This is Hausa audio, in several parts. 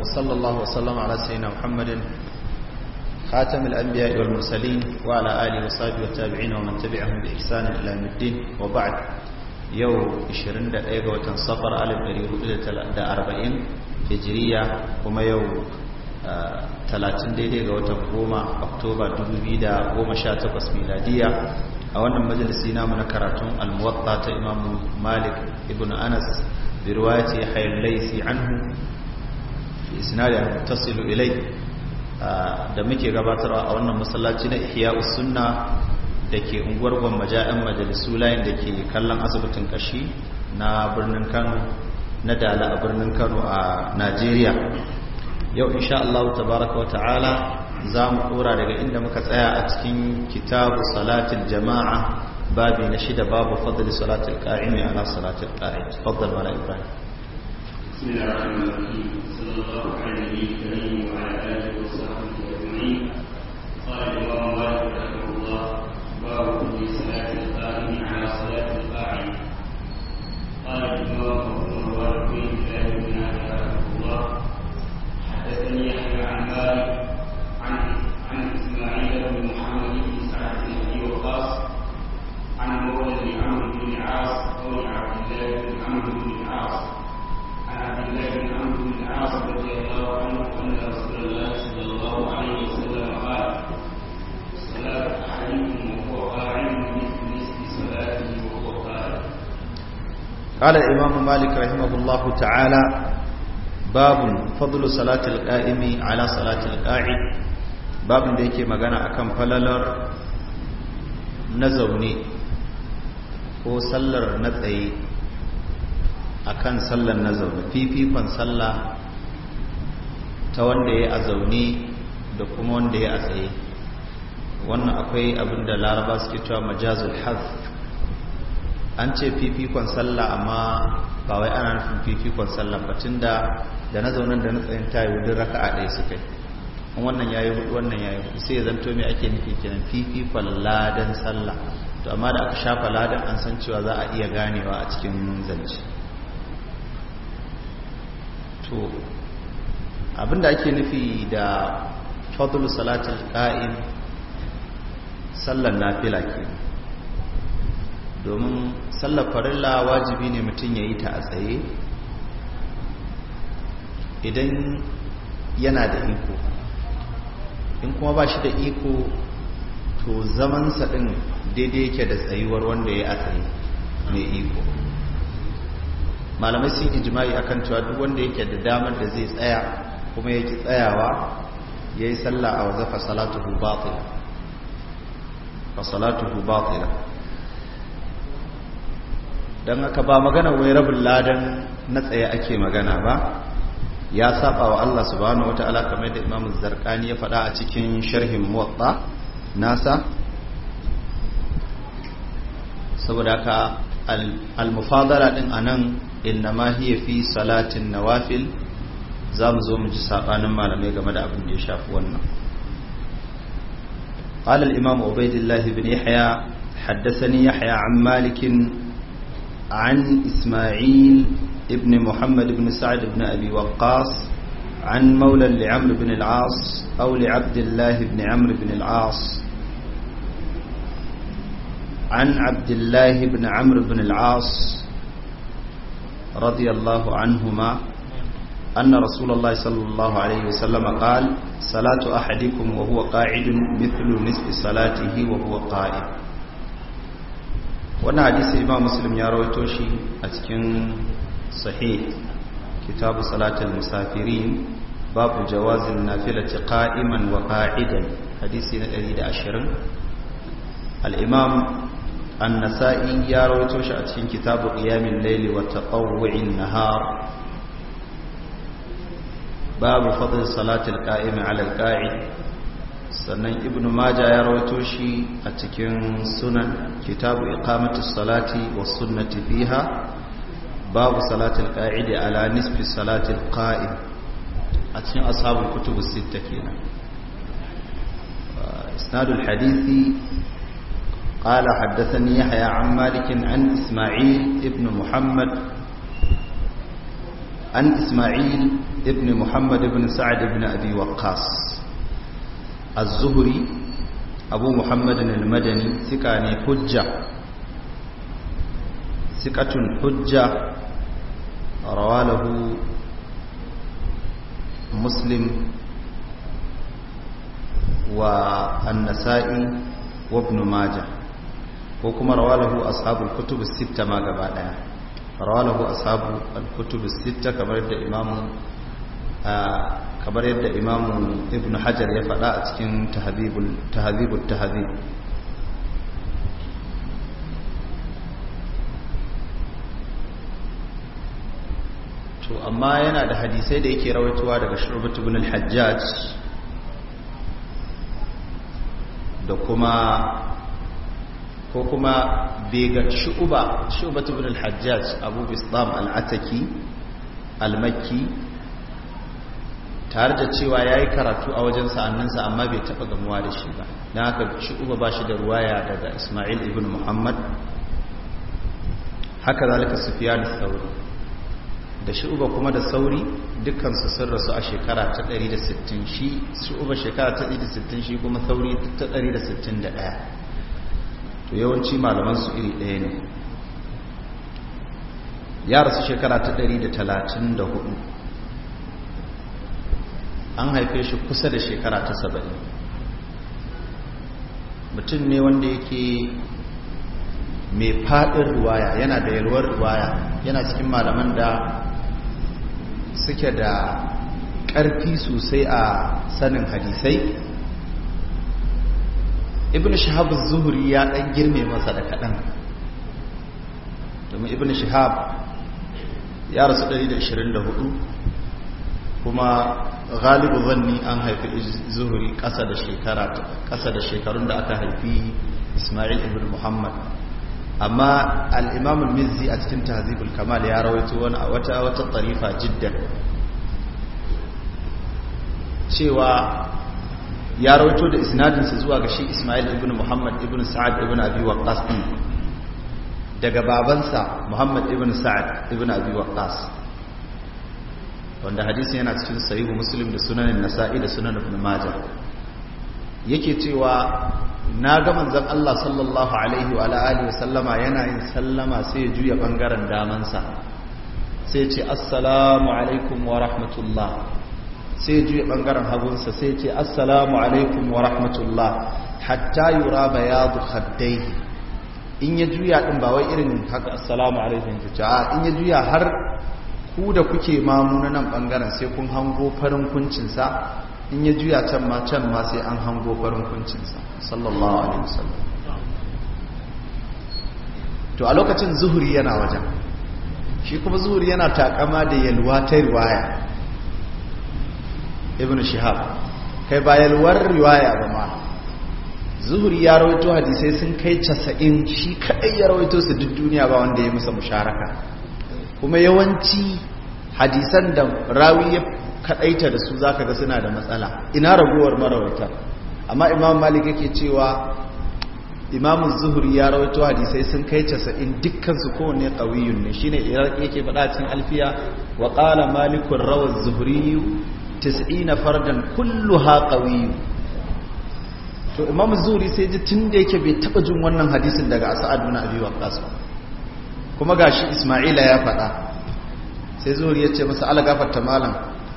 وصلى الله وسلم على سيدنا محمد خاتم الأنبياء والمرسلين وعلى آله وصحبه والتابعين ومن تبعهم بإحسان إلى يوم الدين وبعد يوم 20 دقيقة وتنصفر ألف دقيقة أربعين هجرية وما يوم 30 دقيقة وتنقوم أكتوبر 2018 ميلادية a wannan majalisi namu na karatun almuwatta ta imamu malik ibn anas bi riwayati haylaisi anhu fi isnadin muttasilu ilai da muke gabatarwa a wannan masallaci na ihya sunna da ke unguwar gwammaja majalisu layin da ke kallon asibitin kashi na birnin kano na dala a birnin kano a najeriya yau insha Allah tabaraka wa ta'ala za mu kura daga inda muka tsaya a cikin kitabu salatin jama'a babi na shida babu fadli salatul qa'imi ala salatul qa'id faddal mala ibrahim بسم الله الرحمن الرحيم صلى الله على النبي وعلى اله وصحبه اجمعين قال الامام مالك رحمه الله باب في صلاه القائم على صلاه القاعد قال الامام ابن بن هلال الله حدثني يحيى عن مالك عن عن اسماعيل بن محمد بن سعد بن ابي وقاص عن مولى عمرو بن العاص قول عبد قال الإمام مالك رحمه الله تعالى باب فضل صلاة القائم على صلاة القاعد باب da yake magana akan falalar na zaune ko akan sallar na zaune fifikon salla ta wanda ya a zaune da kuma wanda ya a tsaye wannan akwai abin da laraba suke cewa majazul haf an ce fifikon salla amma ba wai ana nufin fifikon salla ba da da na zaune da na tsayin ta yi wudin raka a ɗaya su kai in wannan ya yi hudu wannan ya yi hudu sai ya zanto mai ake nufi kenan fifikon ladan salla to amma da aka shafa ladan an san cewa za a iya ganewa a cikin zance to abinda ake nufi da fadlu salatul qa'im sallar nafila ke domin sallar farilla wajibi ne mutum ya yi ta a tsaye idan yana da iko in kuma ba shi da iko to zamansa ɗin daidai yake da tsayuwar wanda ya a tsaye mai iko malamai sun ijima'i akan cewa duk wanda yake da damar da zai tsaya kuma yake tsayawa yayi sallah a wazafa salatuhu batila fa salatuhu batila dan haka ba magana wai rabin ladan na tsaye ake magana ba ya saba wa Allah subhanahu wataala kamar da Imam Zarqani ya faɗa a cikin sharhin Muwatta nasa saboda ka al-mufadala din anan innama hiya fi salatin nawafil za mu zo mu ji sabanin malamai game da abin da ya shafi wannan قال الإمام عبيد الله بن يحيى حدثني يحيى عن مالك عن إسماعيل ابن محمد بن سعد بن أبي وقاص عن مولى لعمرو بن العاص أو لعبد الله بن عمرو بن العاص عن عبد الله بن عمرو بن العاص رضي الله عنهما أن رسول الله صلى الله عليه وسلم قال صلاة أحدكم وهو قاعد مثل نصف صلاته وهو قائم wannan hadisi imam muslim ya rawaito shi a cikin sahih kitabu salatul musafirin babu jawazin nafilati kaiman wa qa'idan hadisi na da ashirin imam النسائي يا رويتو شأتين كتاب قيام الليل وتطوع sannan ibn maja ya rawaito shi a cikin sunan kitabu iqamati salati wa sunnati fiha babu salatul qa'idi ala nisfi salatil qa'im a cikin ashabul kutubus sitta kenan isnadul hadisi قال حدثني يحيى عن مالك عن إسماعيل ابن محمد عن إسماعيل ابن محمد بن سعد بن أبي وقاص الزهري أبو محمد المدني ثقاني حجة ثقة حجة رواله مسلم والنسائي وابن ماجه ko kuma rawalahu ashabul kutub sitta ma gaba daya rawalahu ashabu al-kutub sitta kamar yadda imamu kamar yadda imamu ibnu hajar ya faɗa a cikin tahdhibul tahdhibut tahdhib to amma yana da hadisai da yake rawaituwa daga shurbatu ibn al-hajjaj da kuma ko kuma bega shu'uba shu'uba ibn al-hajjaj abu bisdam al-ataki al-makki tare da cewa yayi karatu a wajen sa'anninsa amma bai taba gamuwa da shi ba dan haka shu'uba bashi da ruwaya daga isma'il ibn muhammad haka zalika sufyan al-thawri da shu'uba kuma da sauri su sun rasu a shekara ta 160 shi shu'uba shekara ta 160 shi kuma sauri ta 161 to yawanci malaman su iri ɗaya ne ya rasu shekara ta ɗari da da talatin 134 an haife shi kusa da shekara ta 70 mutum ne wanda yake mai faɗin ruwaya yana da yalwar ruwaya yana cikin malaman da suke da ƙarfi sosai a sanin hadisai ibn shahab zuhuri ya dan girme masa da kadan domin ibn shahab ya rasu 124 kuma galibu zanni an haifi zuhuri kasa da shekara kasa da shekarun da aka haifi isma'il ibn muhammad amma al-imam al-mizzi a cikin tahzibul kamal ya rawaito wani a wata wata tarifa jiddan cewa ya rawato da isnadinsa zuwa ga shi Ismail ibn Muhammad ibn Sa'ad ibn Abi Waqqas din daga babansa Muhammad ibn Sa'ad ibn Abi Waqqas wanda hadisi yana cikin sahihu Muslim da sunanin Nasa'i da sunan Ibn Majah yake cewa na ga manzon Allah sallallahu alaihi wa alihi wa sallama yana yin sallama sai ya juya bangaren damansa sai ya ce assalamu alaikum wa rahmatullah sai juya bangaren hagunsa sai ce assalamu alaikum wa rahmatullah hatta yura bayadu haddai in ya juya din ba wai irin haka assalamu alaikum ta in ya juya har ku da kuke mamu nan bangaren sai kun hango farin kuncinsa in ya juya can ma can ma sai an hango farin kuncinsa sallallahu alaihi wasallam to a lokacin zuhuri yana wajen shi kuma zuhuri yana takama da yalwa ta riwaya ibn shihab kai bayalwar riwaya ba ma zuhuri ya rawaito hadisai sun kai casa'in shi kaɗai ya rawaito su duk duniya ba wanda ya musa musharaka kuma yawanci hadisan da rawi ya kaɗaita da su zaka ga suna da matsala ina raguwar marawata amma imam malik yake cewa imam zuhuri ya rawaito hadisai sun kai casa'in dukkan su kowane ƙawiyun ne shine yake faɗa cikin alfiya wa qala malikun rawar zuhuri. 90 fardan kulluha qawiy to imam zuri sai ji tun da yake bai taba jin wannan hadisin daga sa'ad bin abi waqas kuma gashi isma'ila ya faɗa sai zuri yace masa ala gafarta malam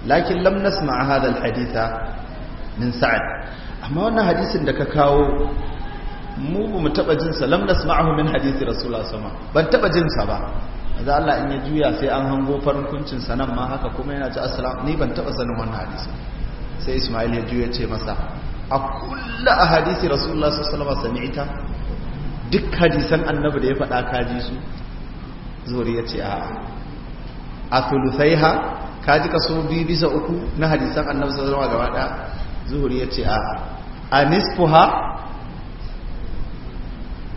lakin lam nasma hadha alhaditha min sa'ad amma wannan hadisin da ka kawo mu mu taba jin sa lam nasma'ahu min hadisi rasulullah sama ban taba jin sa ba da Allah in ya juya sai an hango farin kuncin sanan ma haka kuma yana ci asalam ni ban taba sanin wannan hadisi sai Ismail ya juya ce masa a kullu ahadisi Rasulullah sallallahu alaihi wasallam sami'ta duk hadisan annabi da ya faɗa ka su zuri ya ce a a kaji ka so kaso biyu bisa uku na hadisan annabi sallallahu alaihi wasallam gaba daya zuhuri ya ce a anisfuha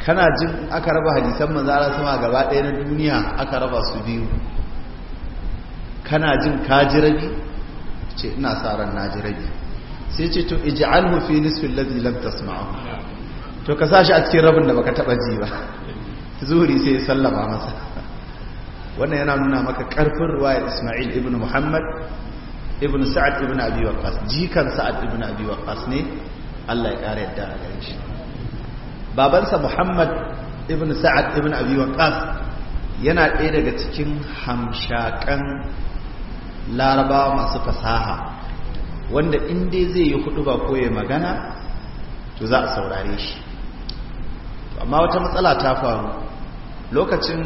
kana jin aka raba hadisan manzara sama gaba ɗaya na duniya aka raba su biyu kana jin ka ji rabi ce ina sa ran na ji rabi sai ce to ij'alhu fi nisfi lamta lam tasma'u to ka sashi a cikin rabin da baka taba ji ba zuhuri sai sallama masa wannan yana nuna maka karfin ruwayar Isma'il ibn Muhammad ibn Sa'ad ibn Abi Waqqas jikan Sa'ad ibn Abi Waqqas ne Allah ya kare yadda a gare shi babansa muhammad ibn sa'ad ibn abi Waqqas yana ɗaya daga cikin hamshakan larabawa masu fasaha wanda in dai zai yi hudu ba ko ya magana to za a saurare shi amma wata matsala ta faru lokacin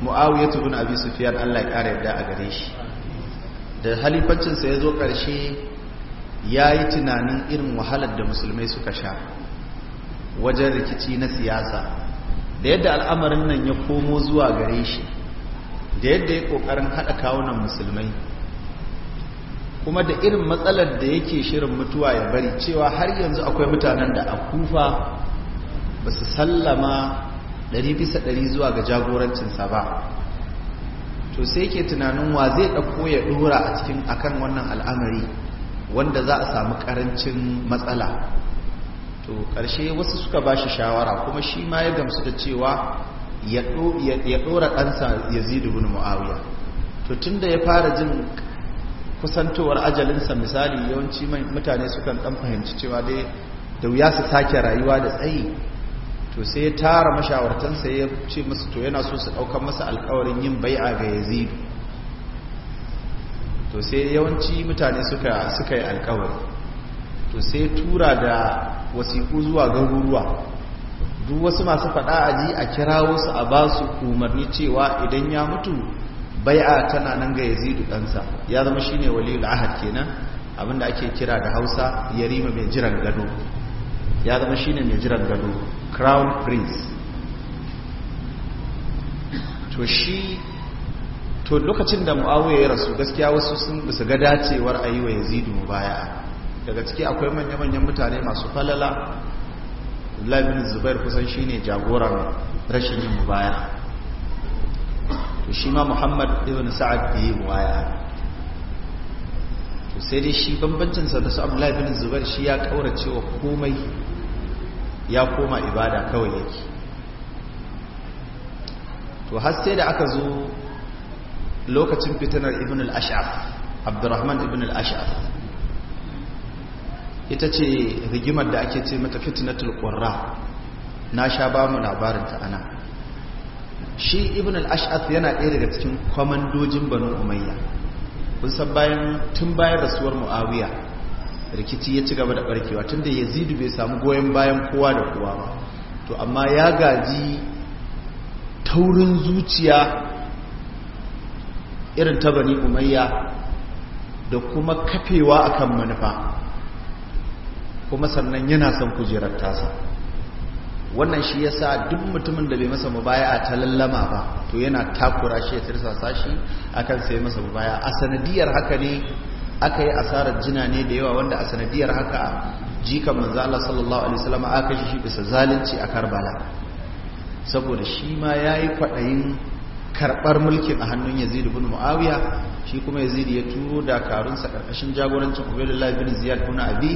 mu'awiyatu bin abi sufyan Allah ya kare yadda a gare shi da halifancinsa ya zo ƙarshe ya yi tunanin irin wahalar da musulmai suka sha wajen rikici na siyasa da yadda al'amarin nan ya komo zuwa gare shi da yadda ya kokarin haɗa kawunan musulmai kuma da irin matsalar da yake shirin mutuwa ya bari cewa har yanzu akwai mutanen da a kufa ba su sallama 100% zuwa ga jagorancinsa ba to sai ke tunanin wa zai ɗauko ya ɗora a cikin akan wannan al'amari wanda za a samu ƙarancin matsala to ƙarshe wasu suka ba shi shawara kuma shi ma ya gamsu da cewa ya ɗora ɗansa yazid wani mu'awiya to tun da ya fara jin kusantowar ajalinsa misali yawanci mutane sukan ɗan fahimci cewa dai da wuya su sake rayuwa da tsayi to sai ya tara mashawartansa ya ce masu to yana so su ɗaukar masa alkawarin yin bai'a ga yazid to sai yawanci mutane suka yi alkawari to sai tura da wasiku zuwa garuruwa duk wasu masu faɗa ji a kira wasu a ba su umarni cewa idan ya mutu bai'a tana nan ga yazidu ɗansa ya zama shi shine da ahad kenan abinda ake kira da hausa yarima mai jiran gado ya zama shi ne mai jiran gado crown prince to shi to lokacin da mu'awiya ya rasu gaskiya wasu sun bisa ga dacewar ayi wa yazidu mubaya'a daga ciki akwai manya-manyan mutane masu falala labin zubair kusan shi ne jagoran rashin yin mubaya to shi ma muhammad ibn sa'ad bai yi mubaya to sai dai shi bambancinsa da su abdullahi bin zubair shi ya kaurace wa komai ya koma ibada kawai yake to har sai da aka zo lokacin fitinar ibn al-ash'af abdurrahman ibn al-ash'af ita ce rigimar da ake ce mata fitnatul qurra na sha ba mu labarin ta ana shi ibn al-ash'ath yana ɗaya daga cikin kwamandojin banu umayya kun san bayan tun bayan rasuwar muawiya rikici ya ci gaba da barkewa tunda yazid bai samu goyen bayan kowa da kowa ba to amma ya gaji taurin zuciya irin ta bani umayya da kuma kafewa akan manufa kuma sannan yana son kujerar tasa wannan shi ya sa duk mutumin da bai masa mubaya a talallama ba to yana takura shi ya tirsasa shi akan sai masa baya. a sanadiyar haka ne aka yi asarar jina ne da yawa wanda a sanadiyar haka jika manzo Allah sallallahu alaihi wasallam aka shi bisa zalunci a Karbala saboda shi ma yayi kwadayin karɓar mulkin a hannun Yazid ibn Muawiya shi kuma Yazid ya turo da karunsa karkashin jagorancin Ubaydullah ibn Ziyad ibn Abi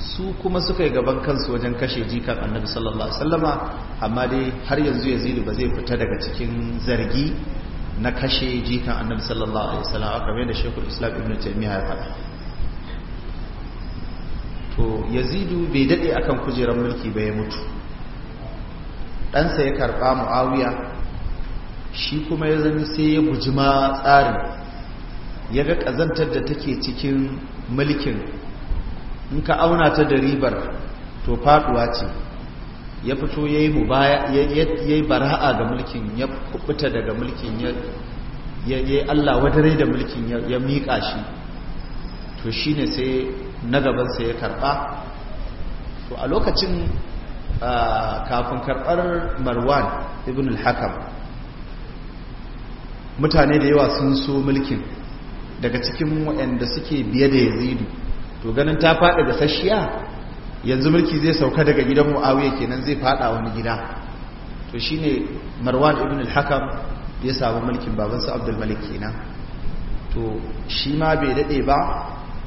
su kuma suka yi gaban kansu wajen kashe jikan annabi sallallahu alaihi wasallama amma dai har yanzu yazidu ba zai fita daga cikin zargi na kashe jikan annabi sallallahu alaihi wasallam kamar da shekul islam ibn taymiya ya faɗa to yazidu bai dade akan kujerar mulki ba ya mutu ɗansa ya karɓa muawiya shi kuma ya zama sai ya guji ma tsarin ya ga ƙazantar da take cikin mulkin in ka auna ta da ribar to faduwa ce ya fito ya yi bara'a ga mulkin ya kubuta daga mulkin ya yi allah wadare da mulkin ya miƙa shi to shi ne sai na gabansa ya karɓa to a lokacin kafin karɓar marwan ibn al-hakam mutane da yawa sun so mulkin daga cikin waɗanda suke biye da yanzu to ganin ta faɗi da sashiya yanzu mulki zai sauka daga gidan mu'awiya kenan zai faɗa wani gida to shine marwan ibn al-hakam ya samu mulkin babansa abdul malik kenan to shi ma bai daɗe ba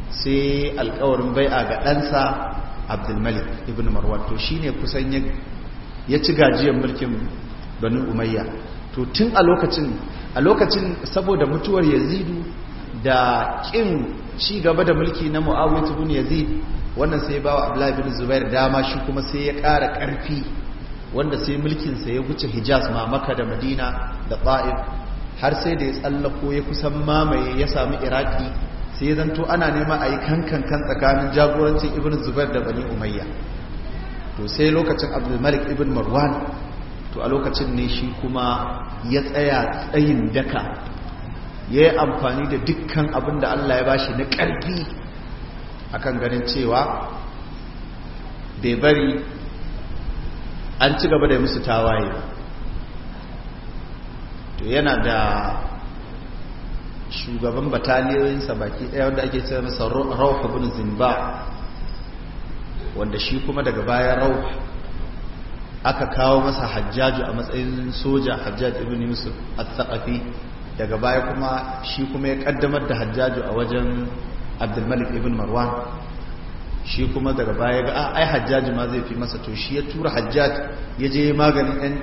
sai alkawarin bai'a ga ɗansa abdul malik ibn marwan to shine kusan ya ci gajiyar mulkin banu umayya to tun a lokacin a lokacin saboda mutuwar yazidu da kin ci gaba da mulki na Muawiya ibn Yazid wannan sai ba wa Abdullahi ibn Zubair dama shi kuma sai ya ƙara ƙarfi wanda sai mulkinsa ya wuce Hijaz ma Makka da Madina da Ta'if har sai da ya tsallako ya kusan mamaye ya samu Iraki sai ya zanto ana nema a yi kankan kan tsakanin jagorancin Ibn Zubair da Bani Umayya to sai lokacin Abdul Malik ibn Marwan to a lokacin ne shi kuma ya tsaya tsayin daka ya yi amfani da dukkan abin da Allah ya ba shi na ƙarfi akan ganin cewa bai bari an ci gaba da musu tawaye to yana da shugaban bataliyoyinsa baki ɗaya wanda ake ce masa rauh bin zimba wanda shi kuma daga bayan rauha aka kawo masa hajjaju a matsayin soja hajjaj ibn yusuf al daga baya kuma shi kuma ya kaddamar da hajjaju a wajen abdulmalik ibn marwan shi kuma daga baya ga ah, ai hajjaji ma zai fi masa to shi ya tura hajjaj ya je maganin yan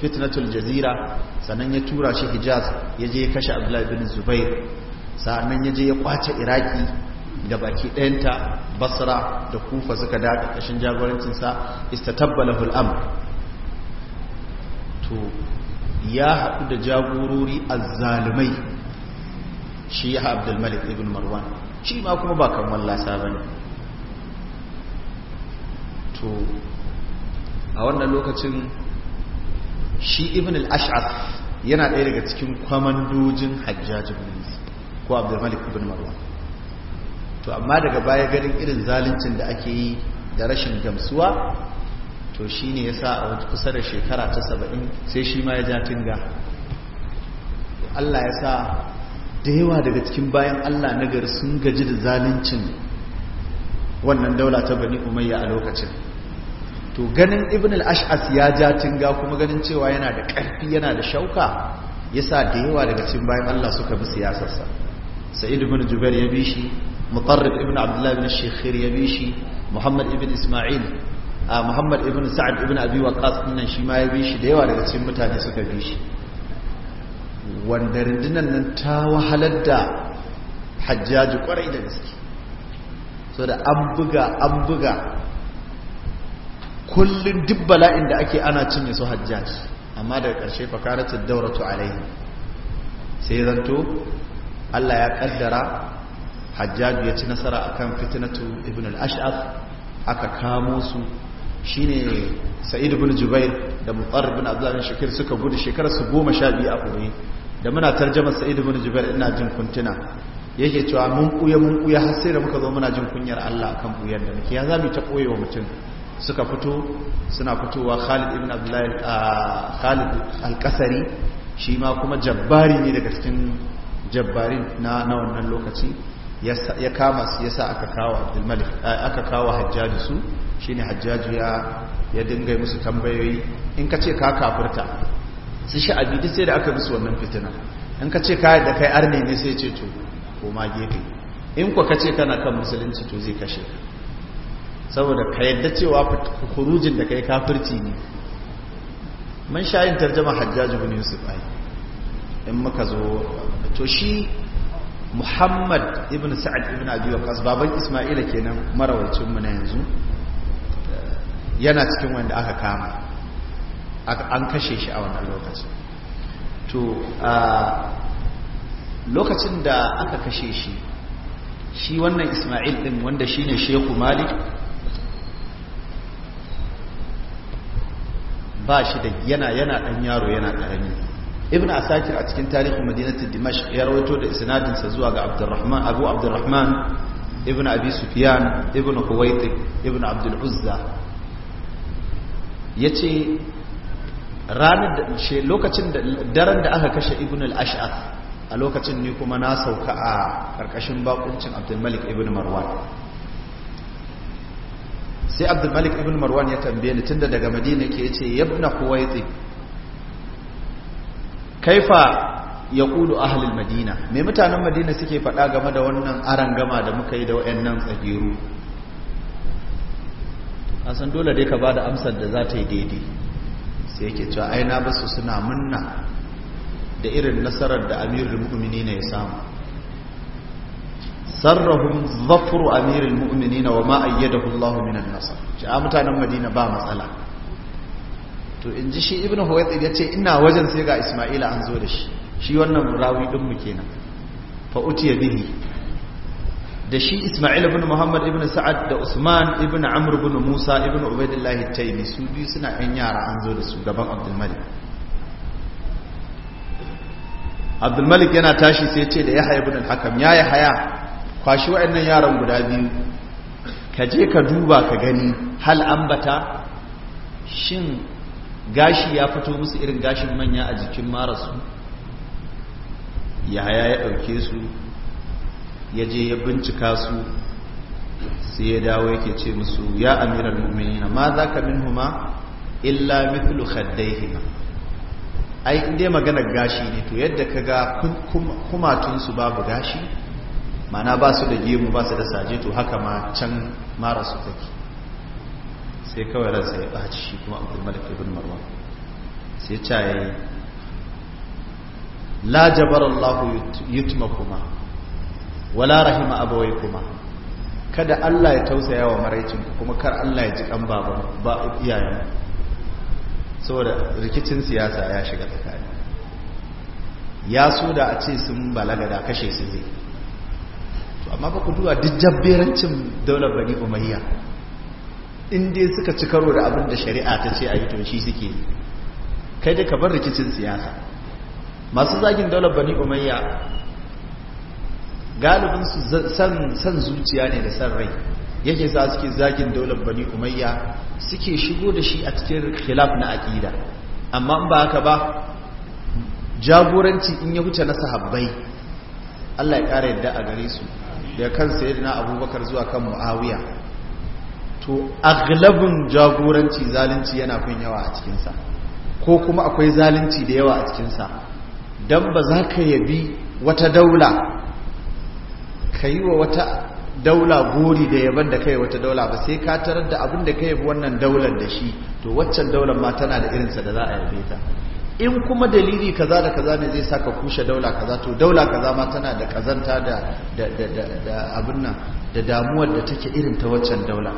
fitnatul jazira sannan ya tura shi hijaz ya je ya kashe abdullahi ibn zubair sannan ya je ya kwace iraki da baki ɗayanta basra da kufa suka da ƙarƙashin jagorancinsa istatabbala hul'am to ya haɗu da jagorori a azzalumai shi ya Malik ibn marwan shi ma kuma ba kan lasa ba ne to a wannan lokacin shi ibn al-ash'af yana ɗaya daga cikin kwamandojin hajjajin ko Malik ibn marwan to amma daga baya ganin irin zaluncin da ake yi da rashin gamsuwa to shi ne ya sa a wata kusa da shekara ta saba'in sai shi ma ya ja tunga Allah ya sa da yawa daga cikin bayan Allah na gari sun gaji da zaluncin wannan daula ta bani umayya a lokacin to ganin ibn al-ash'as ya ja tinga kuma ganin cewa yana da ƙarfi yana da shauka ya sa da yawa daga cikin bayan Allah suka bi siyasarsa sa'id ibn jubair ya bi shi mutarrib ibn abdullah ibn shikhir ya bi shi muhammad ibn isma'il muhammad ibn sa'ad ibn abi waqas nan shi ma ya bi shi da yawa daga cikin mutane suka bi shi wanda rundunar nan ta wahalar da hajjaji kwarai da gaske so da an buga an buga kullum duk bala'in da ake ana cinye su hajjaji amma daga ƙarshe fakaratin dawratu alaihi sai zanto allah ya kaddara hajjaji ya ci nasara akan fitnatu ibn al-ash'af aka kamo su shine sa'id bin jubair da mutar bin abdullahi shakir suka gudu shekarar su goma sha biyu a kuri da muna tarjama sa'id bin jubair ina jin kuntuna yake cewa mun kuya mun kuya har sai da muka zo muna jin kunyar Allah kan kuyar da muke ya zamu ta koyewa mutum suka fito suna fitowa Khalid ibn Abdullah Khalid al-Qasari shi ma kuma jabbari ne daga cikin jabbarin na na wannan lokaci ya kama su yasa aka kawo Abdul Malik aka kawo Hajjaj su shi hajjaju ya ya dinga musu tambayoyi in ka ce ka kafurta su shi duk sai da aka musu wannan fitina in ka ce ka yadda kai arni ne sai ce to koma gefe in kuwa ka ce kana kan musulunci to zai kashe saboda ka yadda cewa kurujin da kai kafurci ne man shayin tarjama hajjaju bin yusuf ai in muka zo to shi muhammad ibn sa'ad ibn abi waqas baban isma'ila kenan marawacin mu na yanzu yana cikin wanda aka kama an kashe shi a wannan lokacin to a lokacin da aka kashe shi shi wannan ismail din wanda shi ne shehu malik ba shi da yana yana ɗan yaro yana karami ibn asakir a cikin tarihin madinatu dimash ya rawaito da isnadinsa zuwa ga abdurrahman abu abdurrahman ibn abi sufyan ibn kuwaiti ibn abdul ya ce lokacin daren da aka kashe ibn al-ash'af a lokacin ne kuma na sauka a ƙarƙashin bakuncin abdulmalik ibn marwan sai abdulmalik ibn marwan ya tambaye ni tunda daga madina ke ce yabna kuwaiti kaifa ya kudu ahalil madina me mutanen madina suke faɗa game da wannan aron gama da muka yi da wayannan tsagiru a san dole dai ka ba da amsar da za ta yi daidai sai yake cewa aina ba su suna munna da irin nasarar da amirul mu'mini ne ya samu sarrahun zafuru amirul mu'mini na wa ma'ayyadahu Allahu minan nasar ce a mutanen madina ba matsala to in ji shi ibn huwaitsi ya ce ina wajen sai ga isma'ila an zo da shi shi wannan rawi ɗinmu kenan fa utiya bihi da shi Ismail ibn Muhammad ibn Sa'ad da Usman ibn Amr ibn Musa ibn Ubaidillah Taymi su biyu suna ɗan yara an zo da su gaban Abdul Malik Abdul Malik yana tashi sai ce da Yahya ibn al-Hakam ya haya kwashi waɗannan yaran guda biyu ka je ka duba ka gani hal ambata shin gashi ya fito musu irin gashin manya a jikin marasu Yahaya ya ɗauke su ya je ya bincika su sai ya dawo yake ce musu ya amiral mu'minina ma za ka min huma illa mithlu khaddayhima ai inda magana gashi ne to yadda ka ga kumatunsu babu gashi mana ba su da gemu ba su da saje to haka ma can mara su take sai kawai ransa ya ɓaci shi kuma malik ibn marwan sai yi. la jabarallahu, yutma kuma wala rahima abawai kuma kada Allah ya tausaya wa maraicin kuma kar Allah ya ji kan baba ba iyayen saboda rikicin siyasa ya shiga tsakani ya so da a ce sun balaga da kashe su zai to amma ba ku duba duk jabberancin daular bani umayya in dai suka ci karo da abin da shari'a ta ce a yi to shi suke kai dai ka bar rikicin siyasa masu zagin daular bani umayya galibin su san zuciya ne da san rai yake sa suke zagin daular bani umayya suke shigo da shi a cikin khilaf na aqida amma in ba haka ba jagoranci in ya huce na sahabbai Allah ya kara yadda a gare su da kan sayyidina abubakar zuwa kan muawiya to aglabun jagoranci zalunci yana kun yawa a cikin sa ko kuma akwai zalunci da yawa a cikin sa dan ba za ka yabi wata daula ka yi wa wata daula gori da yaban da kai wata daula ba sai ka tarar da abin da ka yi wannan daular da shi to waccan daular ma tana da irinsa da za a yabe ta in kuma dalili kaza da kaza ne zai sa ka kushe daula kaza to daula kaza ma tana da kazanta da da da da abin nan da damuwar da take irin ta waccan daula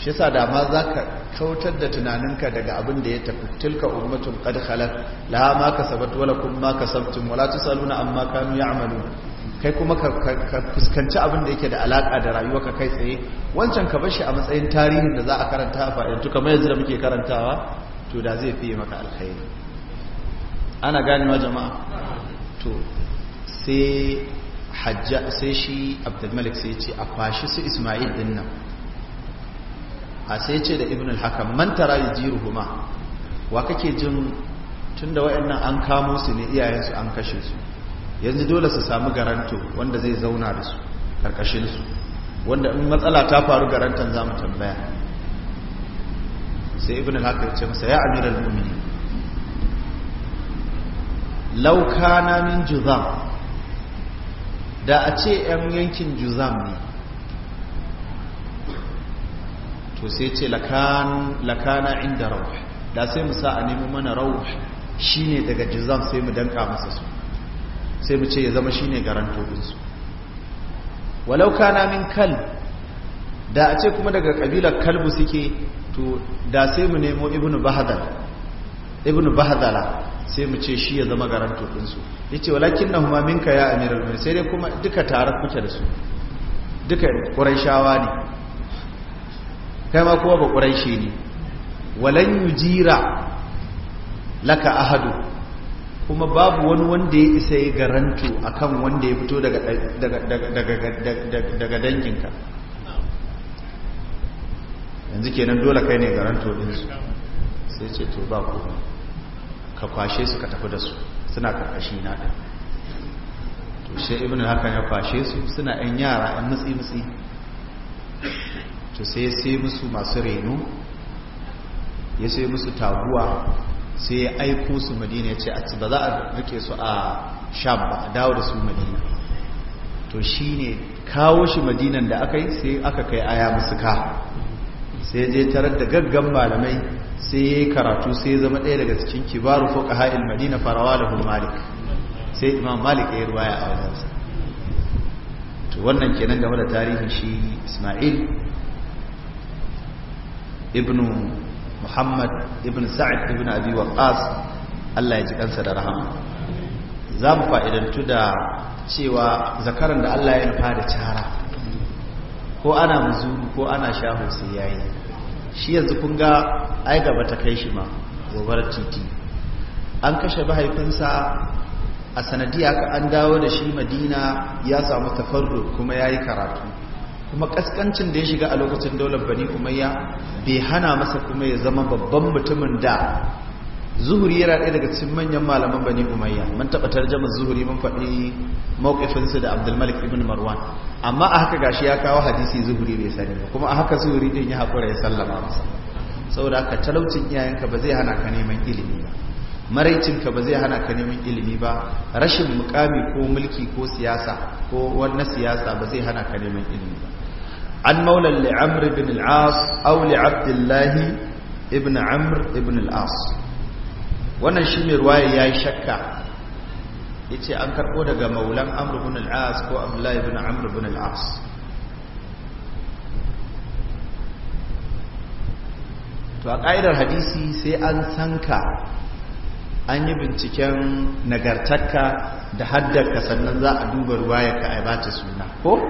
shi yasa da ma ka kautar da tunaninka daga abin da ya tafi tilka ummatun qad khalat la ma kasabat wa lakum ma kasabtum wa la tusaluna amma kanu ya'malun kai kuma ka fuskanci abin da yake da alaka da rayuwa ka kai tsaye wancan ka bar a matsayin tarihin da za a karanta a fa'idantu kamar yanzu da muke karantawa to da zai fiye maka alkhairi ana ganewa jama'a to sai hajja sai shi abdulmalik sai ce a kwashi su ismail din nan a sai ce da ibn al-hakam man jiru kuma wa kake jin tun tunda waɗannan an kamo su ne iyayensu an kashe su yanzu dole su samu garanto wanda zai zauna da su karkashinsu wanda in matsala ta faru garantan za mu tambaya sai ibn al ya ce masa ya amir al-mumini lauka na min juzam da a ce 'yan yankin juzam ne to sai ce lakana inda rauwa da sai mu a nemi mana rauh shine daga juzam sai mu danka masa su sai mu ce ya zama shine garanto dinsu walau kana min kal da a ce kuma daga kabilar kalbu suke to da sai mu nemo ibnu bahdal ibnu bahdala sai mu ce shi ya zama garanto dinsu yace walakinnahuma minka ya amiral mu'minin sai dai kuma duka tare kuke da su duka quraishawa ne kai ma kowa ba quraishi ne walan yujira laka ahadu kuma babu wani wanda ya isa ya garantu a kan wanda ya fito daga danginka yanzu kenan dole kai ne garanto ɗinsu sai ce to ba ku ka kwashe su ka tafi da su suna karkashi na ɗin to shi ibn hakan ya kwashe su suna ‘yan yara ‘yan mutsi-mutsi to sai ya sai musu masu reno ya sai musu taguwa sai ya aiko su madina ya ce a ba za a rike su a sham ba a dawo da su madina to shi ne kawo shi madinan da aka yi sai aka kai aya musu ka sai je tarar da gaggan malamai sai ya karatu sai zama ɗaya daga cikin kibaru fuka ha'il madina farawa da malik sai imam malik ya yi ruwaya a wajensa to wannan kenan game da tarihin shi ismail ibnu muhammad ibn Sa'id ibn abi waqas Allah ya ji kansa da rahama za mu fa'idantu da cewa zakaran da Allah ya nufa da cara ko ana muzuru ko ana shaho sai yayi shi yanzu kun ga ai gaba ta kai shi ma gobarar titi an kashe mahaifinsa a sanadiya ka an dawo da shi madina ya samu tafarru kuma ya yi karatu kuma kaskancin da ya shiga a lokacin daular bani umayya bai hana masa kuma ya zama babban mutumin da zuhuri yana ɗaya daga cikin manyan malaman bani umayya mun taɓa tarjama zuhuri mun faɗi mawqifinsu da abdulmalik ibn marwan amma a haka gashi ya kawo hadisi zuhuri bai sani kuma a haka zuhuri din ya haƙura ya sallama masa saboda haka talaucin iyayenka ba zai hana ka neman ilimi ba maraicinka ba zai hana ka neman ilimi ba rashin mukami ko mulki ko siyasa ko wannan siyasa ba zai hana ka neman ilimi ba an maulan li'amr ibn al'as aw li'abdullah ibn amr ibn al'as wannan shi mai ruwaya yayi shakka yace an karbo daga maulan amr ibn al'as ko abdullah ibn amr ibn al'as to a ƙa'idar hadisi sai an sanka an yi binciken nagartakka da haddarka sannan za a duba ruwayarka a ba ta suna ko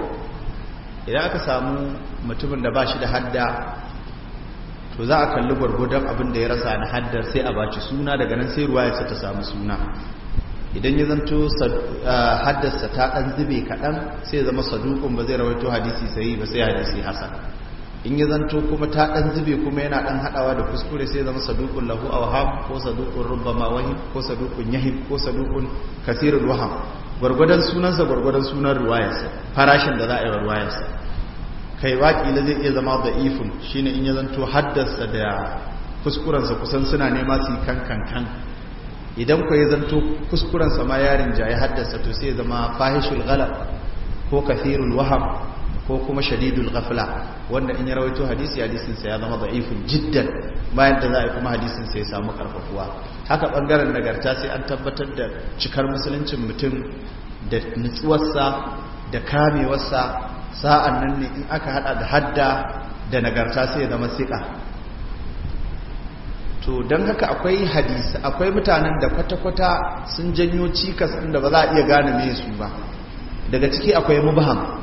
idan aka samu mutumin da ba shi da hadda to za a kalli gwargwadon abin da ya rasa na haddar sai a baci suna daga nan sai ruwayarsa ta samu suna idan ya zanto ah, haddarsa ta ɗan zube kaɗan sai zama sadukun ba zai rawaito hadisi sai ba sai hadisi hasa in ya zanto kuma ta ɗan zube kuma yana ɗan hadawa da kuskure sai zama sadukun lahu waham ko saduqun rubbama wahim ko sadukun yahim ko sadukun kasirin waham gwargwadon sunansa gwargwadon sunan ruwayarsa farashin da za a yi ruwayarsa kai ƙila zai iya zama shi shine in ya zanto haddasa da kuskurensa kusan suna nema su kan kan kan idan ku yi zanto kuskurensa ma yarin jaye haddasa to sai zama fahishul ghalab ko kasirul waham ko kuma shadidul ghafla wanda in ya rawaito hadisi hadisin sa ya zama da'ifun jiddan bayan da za a kuma hadisin sa ya samu karfafuwa haka bangaren nagarta sai an tabbatar da cikar musuluncin mutum da sa da kamewarsa sa'an nan ne in aka hada da hadda da nagarta sai ya zama sika to don haka akwai hadisi akwai mutanen da kwata-kwata sun janyo cikas inda ba za a iya gane me su ba daga ciki akwai mubham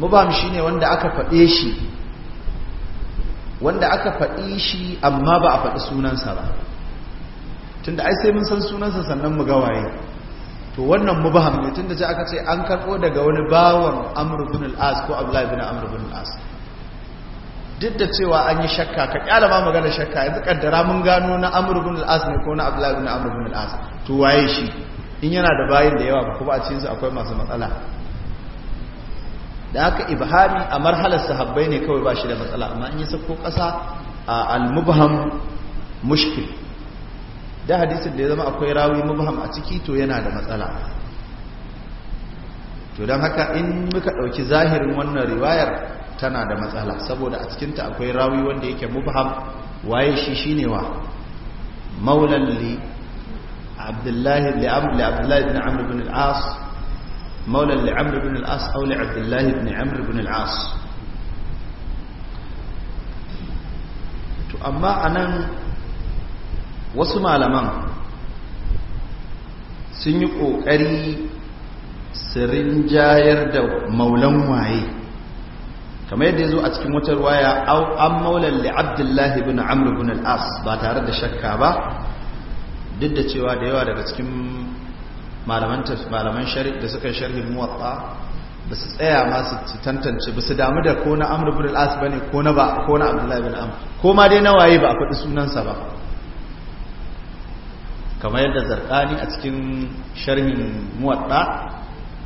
shi shine wanda aka faɗe shi wanda aka faɗi shi amma ba a faɗi sunansa ba tunda ai sai mun san sunansa sannan mu gawaye to wannan mubam ne tunda sai aka ce an karɓo daga wani bawan amr ibn al-as ko abdullahi ibn amr ibn al-as duk da cewa an yi shakka ka kyala ma magana shakka yanzu kaddara mun gano na amr ibn al-as ne ko na abdullahi ibn amr ibn al-as to waye shi in yana da bayin da yawa ba kuma a cikin su akwai masu matsala da haka ibhami a marhalar sahabbai ne kawai ba shi da matsala amma in yi sako ƙasa a al-mubham mushkil da hadisin da ya zama akwai rawi mubham a ciki to yana da matsala to don haka in muka ɗauki zahirin wannan riwayar tana da matsala saboda a cikinta akwai rawi wanda yake mubham waye shi ne wa maulan li abdullahi li abdullahi ibn amr bin al-as مولا لعمر بن العاص أو لعبد الله بن عمرو بن العاص amma a nan wasu malaman sun yi ƙoƙari su rinjayar da maulan waye kamar yadda ya zo a cikin wata waya, an maulan li'abdullahi bin amur bin al'as ba tare da shakka ba duk da cewa da yawa daga cikin malaman malaman shari'a da suka sharhi muwatta ba su tsaya masu su tantance ba su damu da ko na amr ibn al-as ko na ba ko na abdullahi ko ma dai na waye ba a faɗi sunansa ba kamar yadda zarkani a cikin sharhin muwatta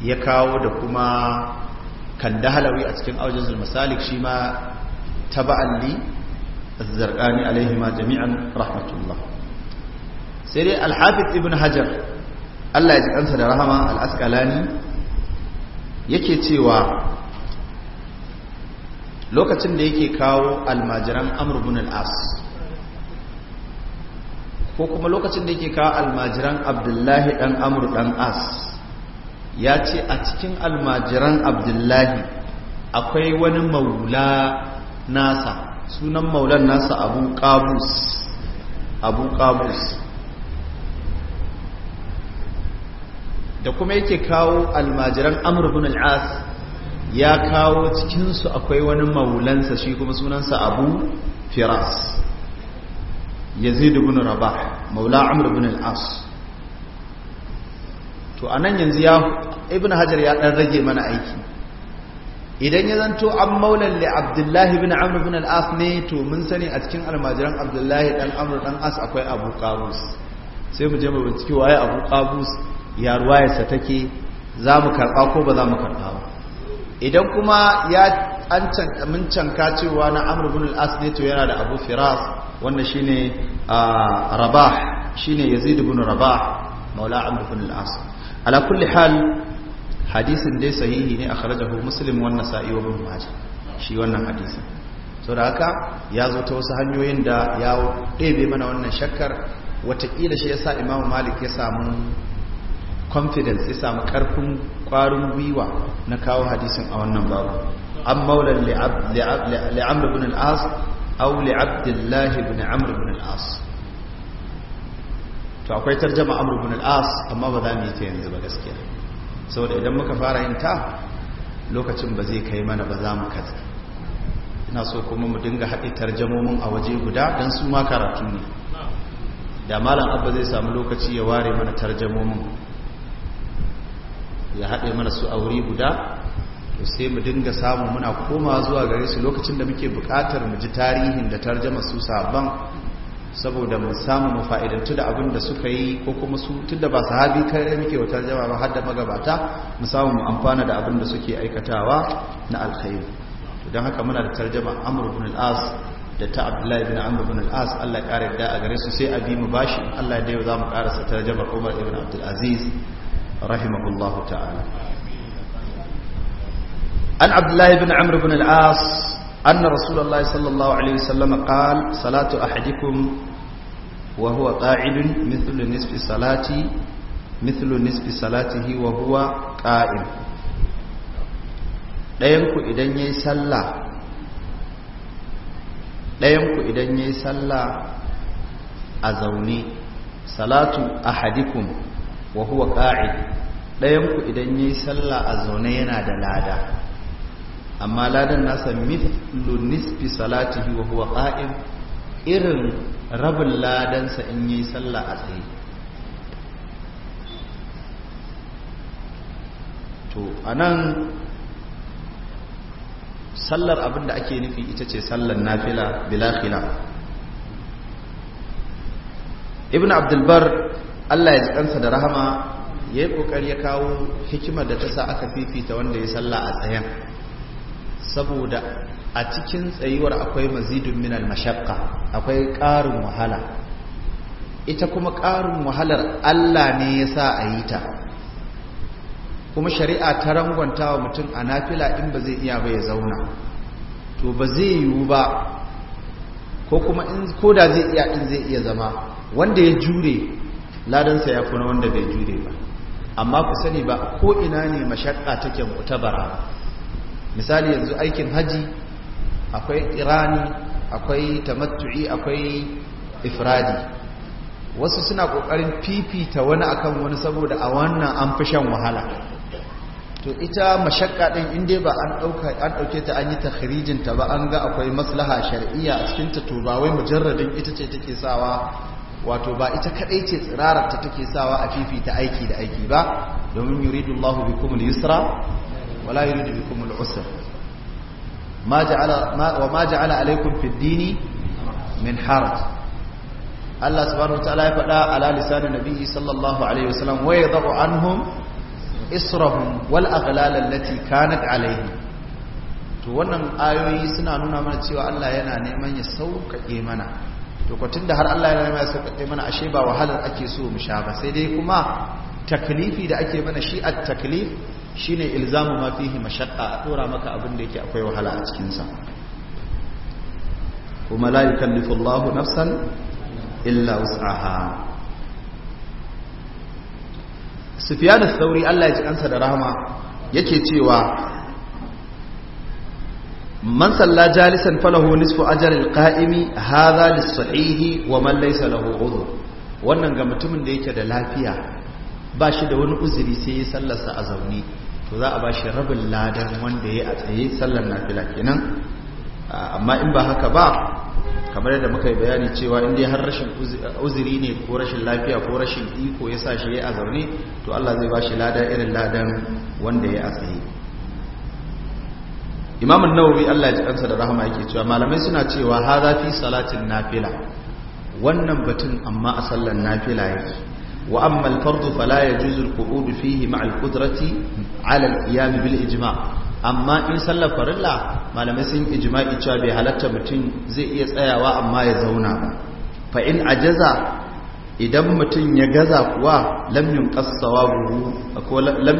ya kawo da kuma halawi a cikin aujazul masalik shi ma taba'alli az-zarqani alaihi ma jami'an rahmatullah sai dai alhafiz hafiz ibn hajar Allah ya ji kansa da rahama al yake cewa lokacin da yake kawo almajiran amr ibn as ko kuma lokacin da yake kawo almajiran abdullahi dan amr dan as ya ce a cikin almajiran abdullahi akwai wani maula nasa sunan maulan nasa abu qabus abu qabus da kuma yake kawo almajiran amur bin al'as ya kawo cikinsu akwai wani maulansa shi kuma sunansa abu firas yazid na rabah maula amur bin al'as to to anan yanzu ya ibn hajar ya ɗan rage mana aiki idan ya zanto an maulan li abdullahi ibn amur bin al'as ne to mun sani a cikin almajiran abdullahi dan amur dan as akwai abu qabus sai mu je mu binciki waye abu qabus ya ruwayarsa take za mu karɓa ko ba za mu karɓa ba idan kuma ya an canka cewa na amur bin al'as ne to yana da abu firas wanda shi ne rabah shi ne zai bin rabah maula amur bin al'as ala kulli hal hadisin dai sahihi ne a kharajahu muslim wannan sa'i wa bin maji shi wannan hadisin so da haka ya zo ta wasu hanyoyin da ya ɗebe mana wannan shakkar wataƙila shi ya sa imamu malik ya samu confidence ya samu karfin kwarin gwiwa na kawo hadisin a wannan babu an maulan li'amr ibn al'as au aw li'abdillah ibn amr ibn al to akwai tarjama amr ibn al amma ba za mu yi ta yanzu ba gaskiya saboda idan muka fara yin ta lokacin ba zai kai mana ba za mu katse ina so kuma mu dinga haɗe tarjamomin a waje guda don su ma karatu ne da malam abba zai samu lokaci ya ware mana tarjamomin ya haɗe mana su a wuri guda to sai mu dinga samu muna koma zuwa gare su lokacin da muke buƙatar mu ji tarihin da tarjama su sabon saboda mu samu mu fa'idantu da abin da suka yi ko kuma su tun da ba sahabi kare muke wa tarjama ba har da magabata mu samu mu amfana da abin da suke aikatawa na alkhairi don haka muna da tarjama amr bin al da ta abdullahi bin amr bin al Allah ya kare da a gare su sai bi mu bashi Allah da za zamu karasa tarjama Umar ibn Abdul Aziz rahimahullahu ta'ala an abdullahi bin amr bin al-as anna rasulullahi sallallahu alaihi wasallam qala salatu ahadikum wa huwa qa'idun mithlu nisfi salati mithlu nisfi salatihi wa huwa qa'im dayanku idan yayi sallah idan yayi sallah a zaune salatu ahadikum wa huwa qa'id dayan ku idan yayi sallah a zaune yana da lada amma ladan nasa mithlu nisfi salatihi wa huwa qa'im irin rabin sa in yayi sallah a tsaye to anan sallar abinda ake nufi ita ce sallar nafila bila khilaf ibn abdulbar Allah ya ji kansa da rahama ya yi ƙoƙari ya kawo hikimar da ta sa aka fifita wanda ya salla a tsayen saboda a cikin tsayuwar akwai mazidun minal mashakka akwai ƙarin wahala ita kuma ƙarin wahalar Allah ne ya sa a yi ta kuma shari'a ta rangwanta wa mutum a nafila in ba zai iya ba ya zauna to ba zai yiwu ba ko kuma in koda zai iya in zai iya zama wanda ya jure ladansa ya kuna wanda bai jure ba amma ku sani ba ko ina ne mashakka take mutabara misali yanzu aikin haji akwai irani akwai tamattu'i akwai ifradi wasu suna kokarin fifita wani akan wani saboda a wannan an fi shan wahala to ita mashakka din inda ba an dauka an dauke ta an yi takhrijin ta ba an ga akwai maslaha shar'iyya a cikin ta to ba wai mujarradin ita ce take sawa wato ba ita kadai ce tsirarar ta take sawa a fifita aiki da aiki ba domin yuridullahu bikum al-yusra wala yuridu bikum al-usra ma ja'ala wa ma ja'ala alaykum fid dini min haraj Allah subhanahu wataala ya faɗa ala lisanin nabiyyi sallallahu alaihi wasallam wa yadhu anhum israhum wal aghlal allati kanat alaihim to wannan ayoyi suna nuna mana cewa Allah yana neman ya sauƙaƙe mana lokacin da har Allah ya rama ya kai mana ashe ba wahalar ake so mu sha ba sai dai kuma taklifi da ake mana shi at taklif shine ilzamu ma fihi mashaqqa a dora maka abin da yake akwai wahala a cikin sa kuma la yukallifu Allahu nafsan illa wus'aha Sufyan ats Allah ya ji kansa da rahama yake cewa man salla jalisan falahu nisfu ajril qa'imi wa man laysa wannan ga mutumin da yake da lafiya ba shi da wani uzuri sai ya sallarsa a zaune to za a ba shi rabin ladan wanda ya a tsaye sallar nafila kenan amma in ba haka ba kamar yadda muka yi bayani cewa in dai har rashin uzuri ne ko rashin lafiya ko rashin iko ya sa shi ya a zaune to Allah zai ba shi lada irin ladan wanda ya a tsaye imamun an-nawawi Allah ya jikansa da rahama yake cewa malamai suna cewa za fi salatin nafila wannan batun amma a sallan nafila yake wa amma fardu fala yajuzu al-qu'ud fihi ma'a al-qudrati 'ala al-qiyam bil ijma' amma in sallar farilla malamai sun ijma'i cewa bai halatta mutum zai iya tsayawa amma ya zauna ba fa in ajaza idan mutum ya gaza kuwa lam yunqas sawabuhu ko lam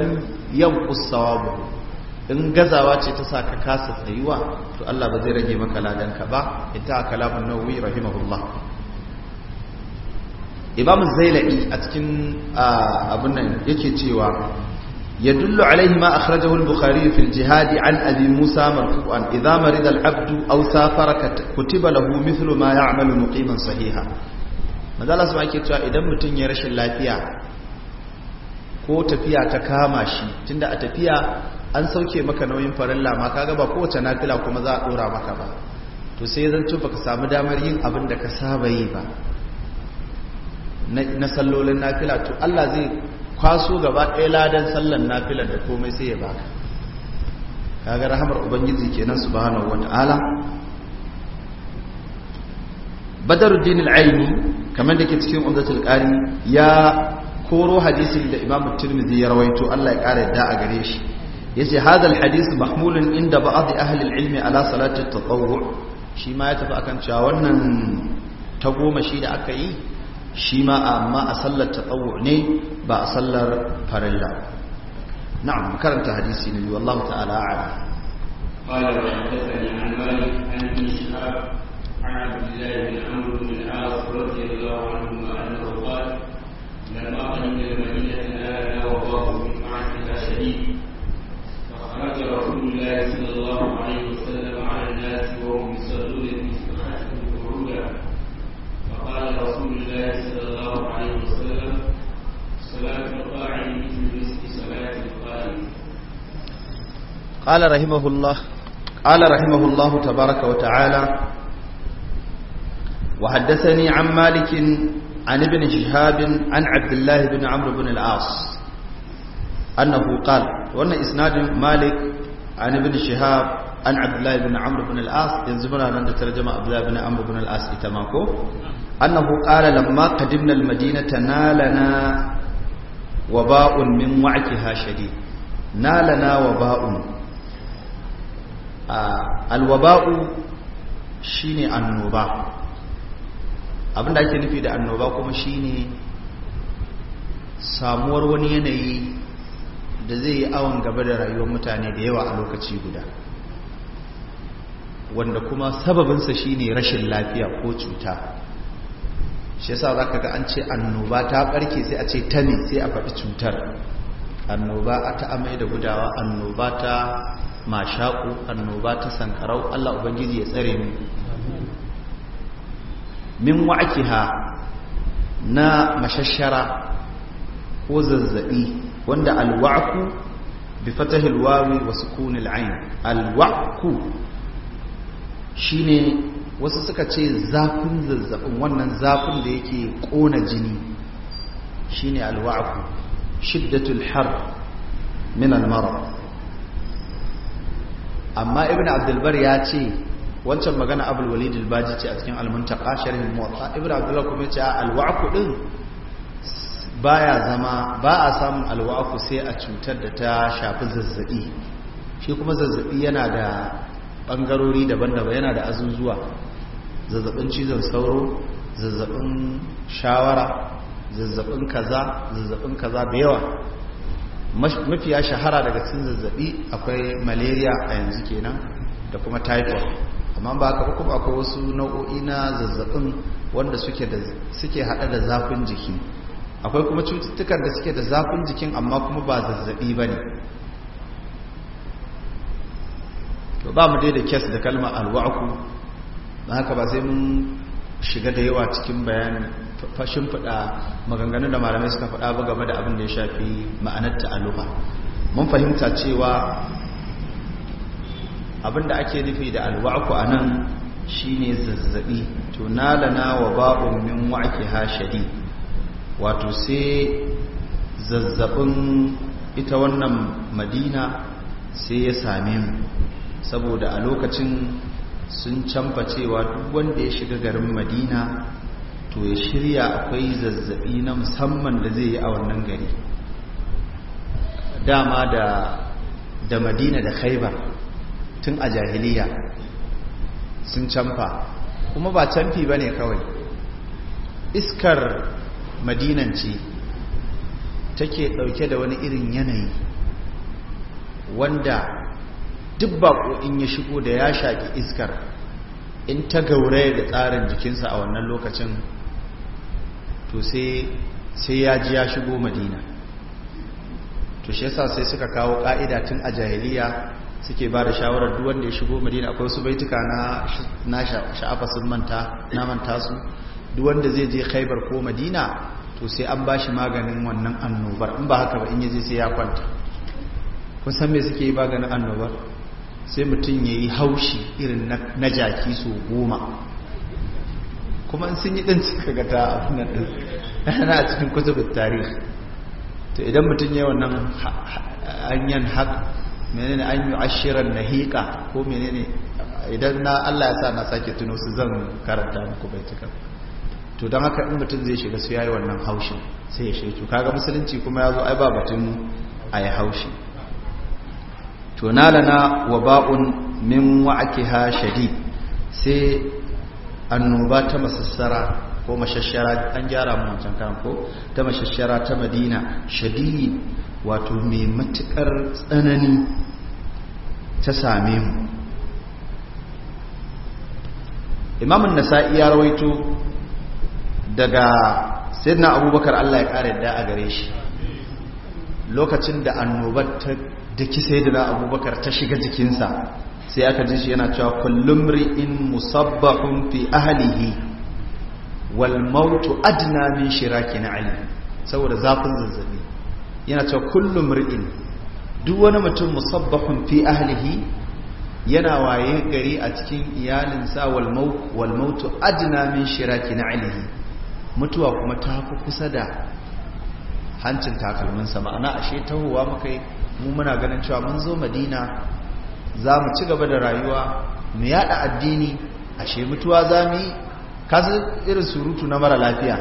yanqus sawabuhu in gazawa ce ta sa ka kasa tsayuwa to Allah ba zai rage maka ladanka ba ita kalamun nawawi rahimahullah imam zailai a cikin abun nan yake cewa يدل عليه ما أخرجه البخاري في الجهاد عن أبي موسى مرفوعا إذا مرض العبد أو سافر كتب له مثل ما يعمل مقيما صحيحا ماذا الله سبحانه وتعالى إذا متن يرش اللافية ko tafiya ta kama shi tunda a tafiya an sauke maka nauyin farilla ma kaga ba kowace nafila kuma za a dora maka ba to sai zan baka samu damar yin abin da ka saba yi ba na sallolin nafila to Allah zai kwaso gaba ɗaya ladan sallan nafilan da komai sai ya baka kaga rahamar ubangiji kenan subhanahu wata'ala badaruddin al-aini kamar da ke cikin umdatul qari ya koro hadisin da imamu tirmidhi ya rawaito Allah ya kare da a gare shi yace hadha alhadith mahmulun inda ba'd ahli alilmi ala salati at-tatawwu shi ma ya tafi akan cewa wannan ta goma shi da aka yi shi ma amma a sallar tatawwu ne ba a sallar farilla na'am karanta hadisi ne wallahu ta'ala a'lam قال وحدثني عن مالك عن ابن شهاب عن عبد الله بن عمرو بن العاص رضي الله عنهما انه قال لما قدم المدينه نال وضعه من معركه شديد رسول الله صلى الله عليه وسلم على الناس وهم فقال رسول الله صلى الله عليه وسلم صلاة صلاة القائم قال رحمه الله قال رحمه الله تبارك وتعالى وحدثني عن مالك عن ابن شهاب عن عبد الله بن عمرو بن العاص annahu qala wannan isnadin malik an ibn shihab an amr al-as yanzu muna nan da tarjuma abdullahi amr al-as ita ma ko annahu qala lamma qadimna al-madinata nalana waba'un min wa'kiha shadid nalana waba'un al-waba'u shine annoba abinda ake nufi da annoba kuma shine samuwar wani yanayi da zai yi awon gaba da rayuwar mutane da yawa a lokaci guda wanda kuma sababinsa shi ne rashin lafiya ko cuta shi yasa ka ga an ce annoba ta barke sai a ce ta ne sai a faɗi cutar annoba a ta amai da gudawa annoba ta mashaku annoba ta sankarau Allah ubangiji ya tsare ni. min wa'kiha na mashashara ko zazzaɓi. wanda alwa'ku bi fatahi alwawi wa sukun alain alwa'ku shine wasu suka ce zafin zazzabin wannan zafin da yake kona jini shine alwa'ku shiddatul har min almarad amma ibn abdulbar ya ce wancan magana abul walid albaji ce a cikin almuntaka sharhin muwatta ibn abdullah kuma ya ce alwa'ku din baya zama ba a samun alwaku sai a cutar da ta shafi zazzabi shi kuma zazzabi yana da bangarori daban-daban yana da azuzuwa zazzabin cizon sauro zazzabin shawara zazzabin kaza zazzabin kaza da yawa mafiya shahara daga cikin zazzabi akwai malaria a yanzu kenan da kuma typhoid amma ba ka kuma akwai wasu nau'o'i na zazzabin wanda suke hada da zafin jiki akwai kuma cututtukan da suke da zafin jikin amma kuma ba zazzabi ba ne to ba mu dai da kes da kalmar alwa'ku na haka ba sai mun shiga da yawa cikin bayan fashin fada maganganun da malamai suka fada ba game da abin da ya shafi ma'anar ta'aluha mun fahimta cewa abin da ake nufi da alwaku a nan shine zazzabi to nalana wa ba'un min ha shadi. wato sai zazzabin ita wannan madina sai ya same mu saboda a lokacin sun canfa cewa duk wanda ya shiga garin madina to ya shirya akwai zazzabi na musamman da zai yi a wannan gari dama da da madina da khaibar tun a jahiliya sun canfa kuma ba canfi ba ne kawai iskar madinan ce take ɗauke da wani irin yanayi wanda duk bako in ya shigo da ya shaki iskar in ta gauraya da tsarin jikinsa a wannan lokacin to sai ya ji ya shigo madina to shi yasa sai suka kawo ka'ida tun a jahiliya suke ba da shawarar duk wanda ya shigo madina akwai su baituka na sha'afa sun na manta su duk wanda zai je khaibar ko madina to sai an bashi maganin wannan annobar in ba haka ba in yaje sai ya kwanta ko san me suke yi maganin annobar sai mutum ya yi haushi irin na jaki so goma kuma sun yi ɗin cika ga ta abinan ɗin yana cikin kutubin tarihi to idan mutum ya wannan anyan hak menene an yi ashirar na hiƙa ko menene idan na allah ya sa na sake tuno su zan karanta muku bai cika to don haka in mutum zai shiga su yayi wannan haushin sai ya shiga to kaga musulunci kuma ya zo ai ba batun ayi haushi to nalana wa ba'un min wa'akiha shadid sai annoba ta masassara ko mashashara an gyara mu wancan kan ko ta mashashara ta madina shadid wato mai matukar tsanani ta same mu imamun nasa'i ya rawaito daga sayyidina abubakar allah ya ƙara da a gare shi lokacin da annobar ta daki sayyidina abubakar ta shiga jikinsa sai aka ji shi yana cewa kullum ri'in musabbahun fi ahlihi wal mautu adna min shiraki na ali saboda zafin zazzabi yana cewa kullum ri'in duk wani mutum musabbahun fi ahlihi yana waye gari a cikin iyalinsa wal mautu adna min shiraki na alihi mutuwa kuma ta fi kusa da hancin takalminsa ma'ana ashe tahowa muka yi mu muna ganin cewa mun zo madina za mu ci gaba da rayuwa mu yada addini ashe mutuwa za mu yi kasu irin surutu na mara lafiya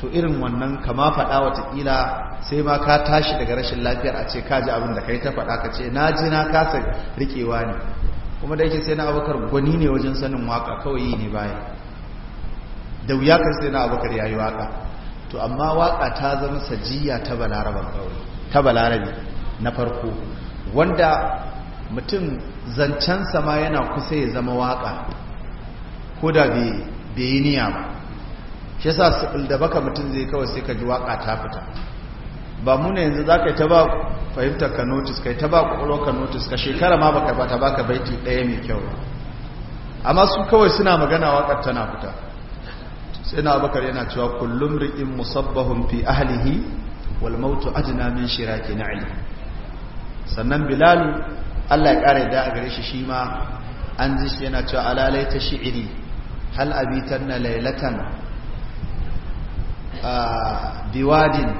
to irin wannan kama faɗa watakila sai ma ka tashi daga rashin lafiyar a ce ka ji abin da kai ta faɗa ka ce na ji na kasa rikewa ne kuma da yake sai na abokar gwani ne wajen sanin waka kawai yi ne bayan da wuya kan sai na abubakar ya waka to amma waka ta zama sajiya ta balaraban kawai ta balarabi na farko wanda mutum zancensa ma yana kusa ya zama waka ko da bai yi niyya ba shi yasa da baka mutum zai kawai sai ka ji waka ta fita ba mu ne yanzu za ka yi ta ba fahimtar ka notis ka yi ta ba kwakwalwar ka notis ka shekara ma baka ba ta baka baiti ɗaya mai kyau ba amma su kawai suna magana wakar tana fita sai na bakar yana cewa kullum riƙin musabbahun fi ahlihi walmautu mautu ajina min shiraki na'li sannan bilal Allah ya ƙara yadda a gare shi shi ma an ji yana cewa alalai ta shi'iri hal abitan na lailatan diwadin,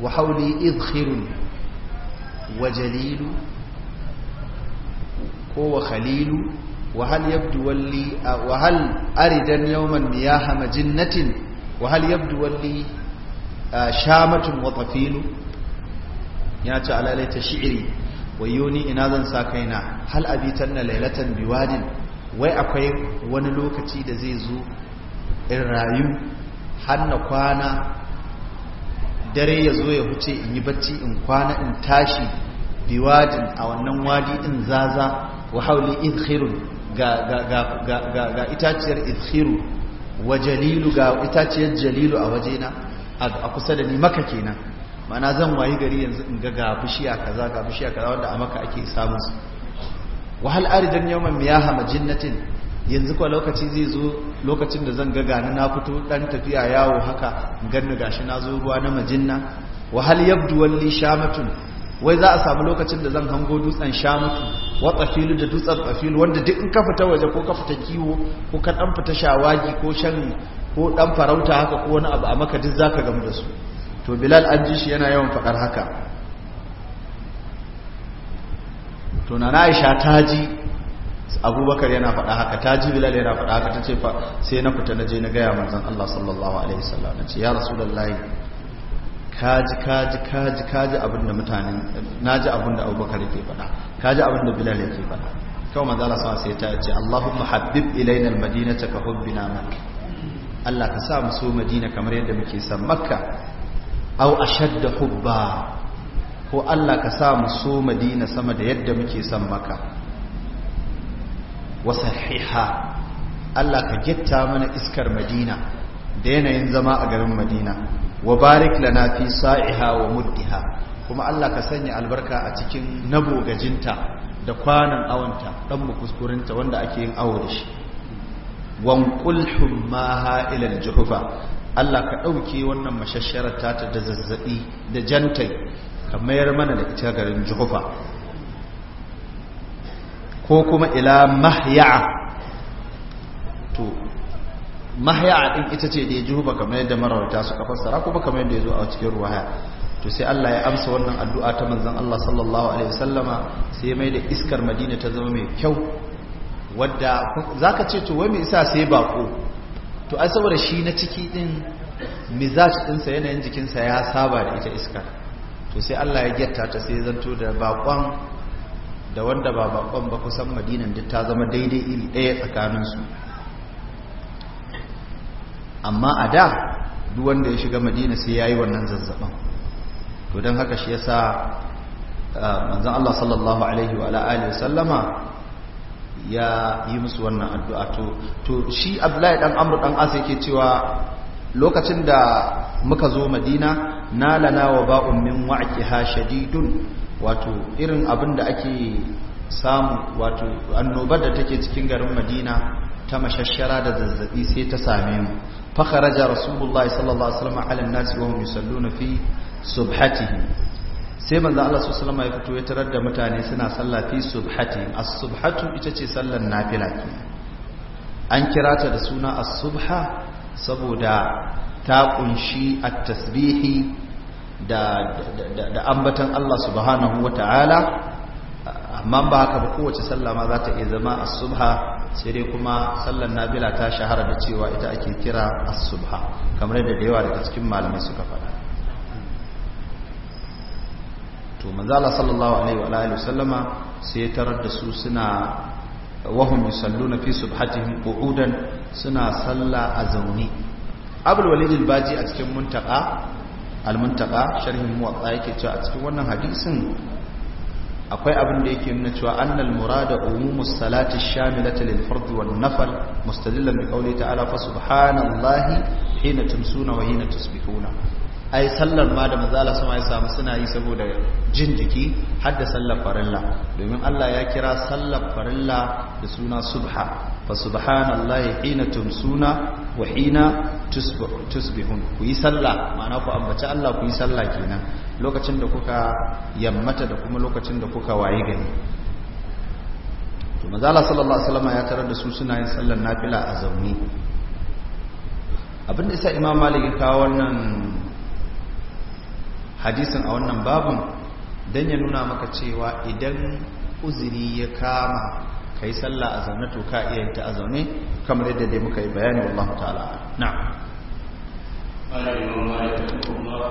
wa hauli wa jalilu ko wa khalilu وهل يبدو لي وهل أردا يوما مياه مجنة وهل يبدو لي شامة وطفيل يا تعالى ليت شعري ويوني إناذا ساكينا هل أبيتن ليلة بواد وأكوي ونلوكتي دزيزو الرايو har na kwana dare ya zo ya huce in yi bacci in kwana in tashi biwadin a wannan wadi in zaza wa hauli in khirun ga itaciyar idhiru wa jalilu ga itaciyar jalilu a wajena a kusa da ni maka kenan mana zan wayi gari yanzu in ga ga a kaza ga a kaza wanda a maka ake samun su wa hal aridan yawman miyaha majinnatin yanzu kwa lokaci zai zo lokacin da zan ga na na fito dan tafiya yawo haka ganni gashi na zo ruwa na majinna wa yabdu walli shamatun wai za a samu lokacin da zan hango dutsen shamatu watsafilu da dutsen tsafilu wanda duk in ka fita waje ko ka fita kiwo ko ka dan fita shawagi ko shan ko dan farauta haka ko wani abu a maka duk zaka gamu da su to bilal an ji shi yana yawan fadar haka to na aisha ta ji abubakar yana fada haka ta ji bilal yana fada haka ta ce sai na fita na je na gaya manzon allah sallallahu alaihi wasallam na ya rasulullahi kaji kaji kaji kaji abinda mutanen naji abinda abubakar yake faɗa kaji abinda bilal yake faɗa kawai manzo Allah sai ta ce Allahumma habib ilaina almadinata ka hubbina makka Allah ka sa mu so madina kamar yadda muke son makka aw ashadda hubba ko Allah ka sa mu so madina sama da yadda muke son makka wasahiha Allah ka gitta mana iskar madina da yanayin zama a garin madina wa barik lana fi sa'iha wa muddiha kuma Allah ka sanya albarka a cikin nabo gajinta da kwanan awanta dan mu kuskurinta wanda ake yin awo da shi wanqul hummaha ila aljuhufa Allah ka dauke wannan mashasharar ta da zazzabi da jantai ka mayar mana da ita garin juhufa ko kuma ila mahya'a to mahaya a ɗin ita ce da ya ji huba kamar yadda su suka fassara kuma kamar yadda ya zo a cikin ruwa ya. to sai Allah ya amsa wannan addu'a ta manzon Allah sallallahu alaihi wasallama sai ya da iskar Madina ta zama mai kyau wadda zaka ce to wai me yasa sai bako to ai saboda shi na ciki din mizaj ɗinsa yanayin jikinsa ya saba da ita iskar to sai Allah ya gyatta ta sai zanto da bakon da wanda ba bakon ba kusan madinan duk ta zama daidai iri ɗaya tsakaninsu amma a da duk ya shiga madina sai ya yi wannan zazzabin to don haka shi ya sa manzan Allah sallallahu alaihi wa sallama ya yi musu wannan addu'a to shi shi Abdullahi dan amur ɗan asa yake cewa lokacin da muka zo Madina nalana wa ba'un min ha shadidun wato irin abin da ake samu wato annobar da take cikin garin Madina ta mashashara da zazzabi sai ta same mu فخرج رسول الله صلى الله عليه وسلم على الناس وهم يصلون في سبحتهم sai manzo Allah sallallahu ya fito ya tarar da mutane suna sallah fi subhati as-subhatu ita ce sallar nafila ke an kira ta da suna as-subha saboda ta kunshi at-tasbihi da da ambatan Allah subhanahu wataala amma ba haka ba kowace sallah ma za ta iya zama as-subha sai dai kuma sallar nabila ta shahara da cewa ita ake kira asubha subha kamar yadda da yawa daga cikin malamai suka faɗa to manzala sallallahu alaihi wa alihi sallama sai ya tarar da su suna wahum yusalluna fi subhatihim qu'udan suna salla a zauni abul walid al-baji a cikin muntaka al-muntaka sharhin muwatta yake cewa a cikin wannan hadisin akwai abin da yake nuna cewa annal murada umumus salati shamilata lil fard wal nafl mustadillan bi qawli ta'ala fa subhanallahi hina tumsuna wa hina tusbihuna ai sallar ma da mazala sama ya samu suna yi saboda jin jiki har da sallar farilla domin Allah ya kira sallar farilla da suna subha fa subhanallahi hina tumsuna wa hina tusbihun ku yi sallah ma'ana ku ambaci Allah ku yi sallah kenan lokacin da kuka yammata da kuma lokacin da kuka wayi gani to mazala sallallahu alaihi wasallam ya tarar da su suna yin sallar nafila a zauni da isa imam malik ya kawo wannan hadisin a wannan babin don ya nuna maka cewa idan uzuri ya kama ka yi sallah a zaune to ka iya ta a zaune kamar yadda dai muka yi bayani wallahu ta'ala na قال الإمام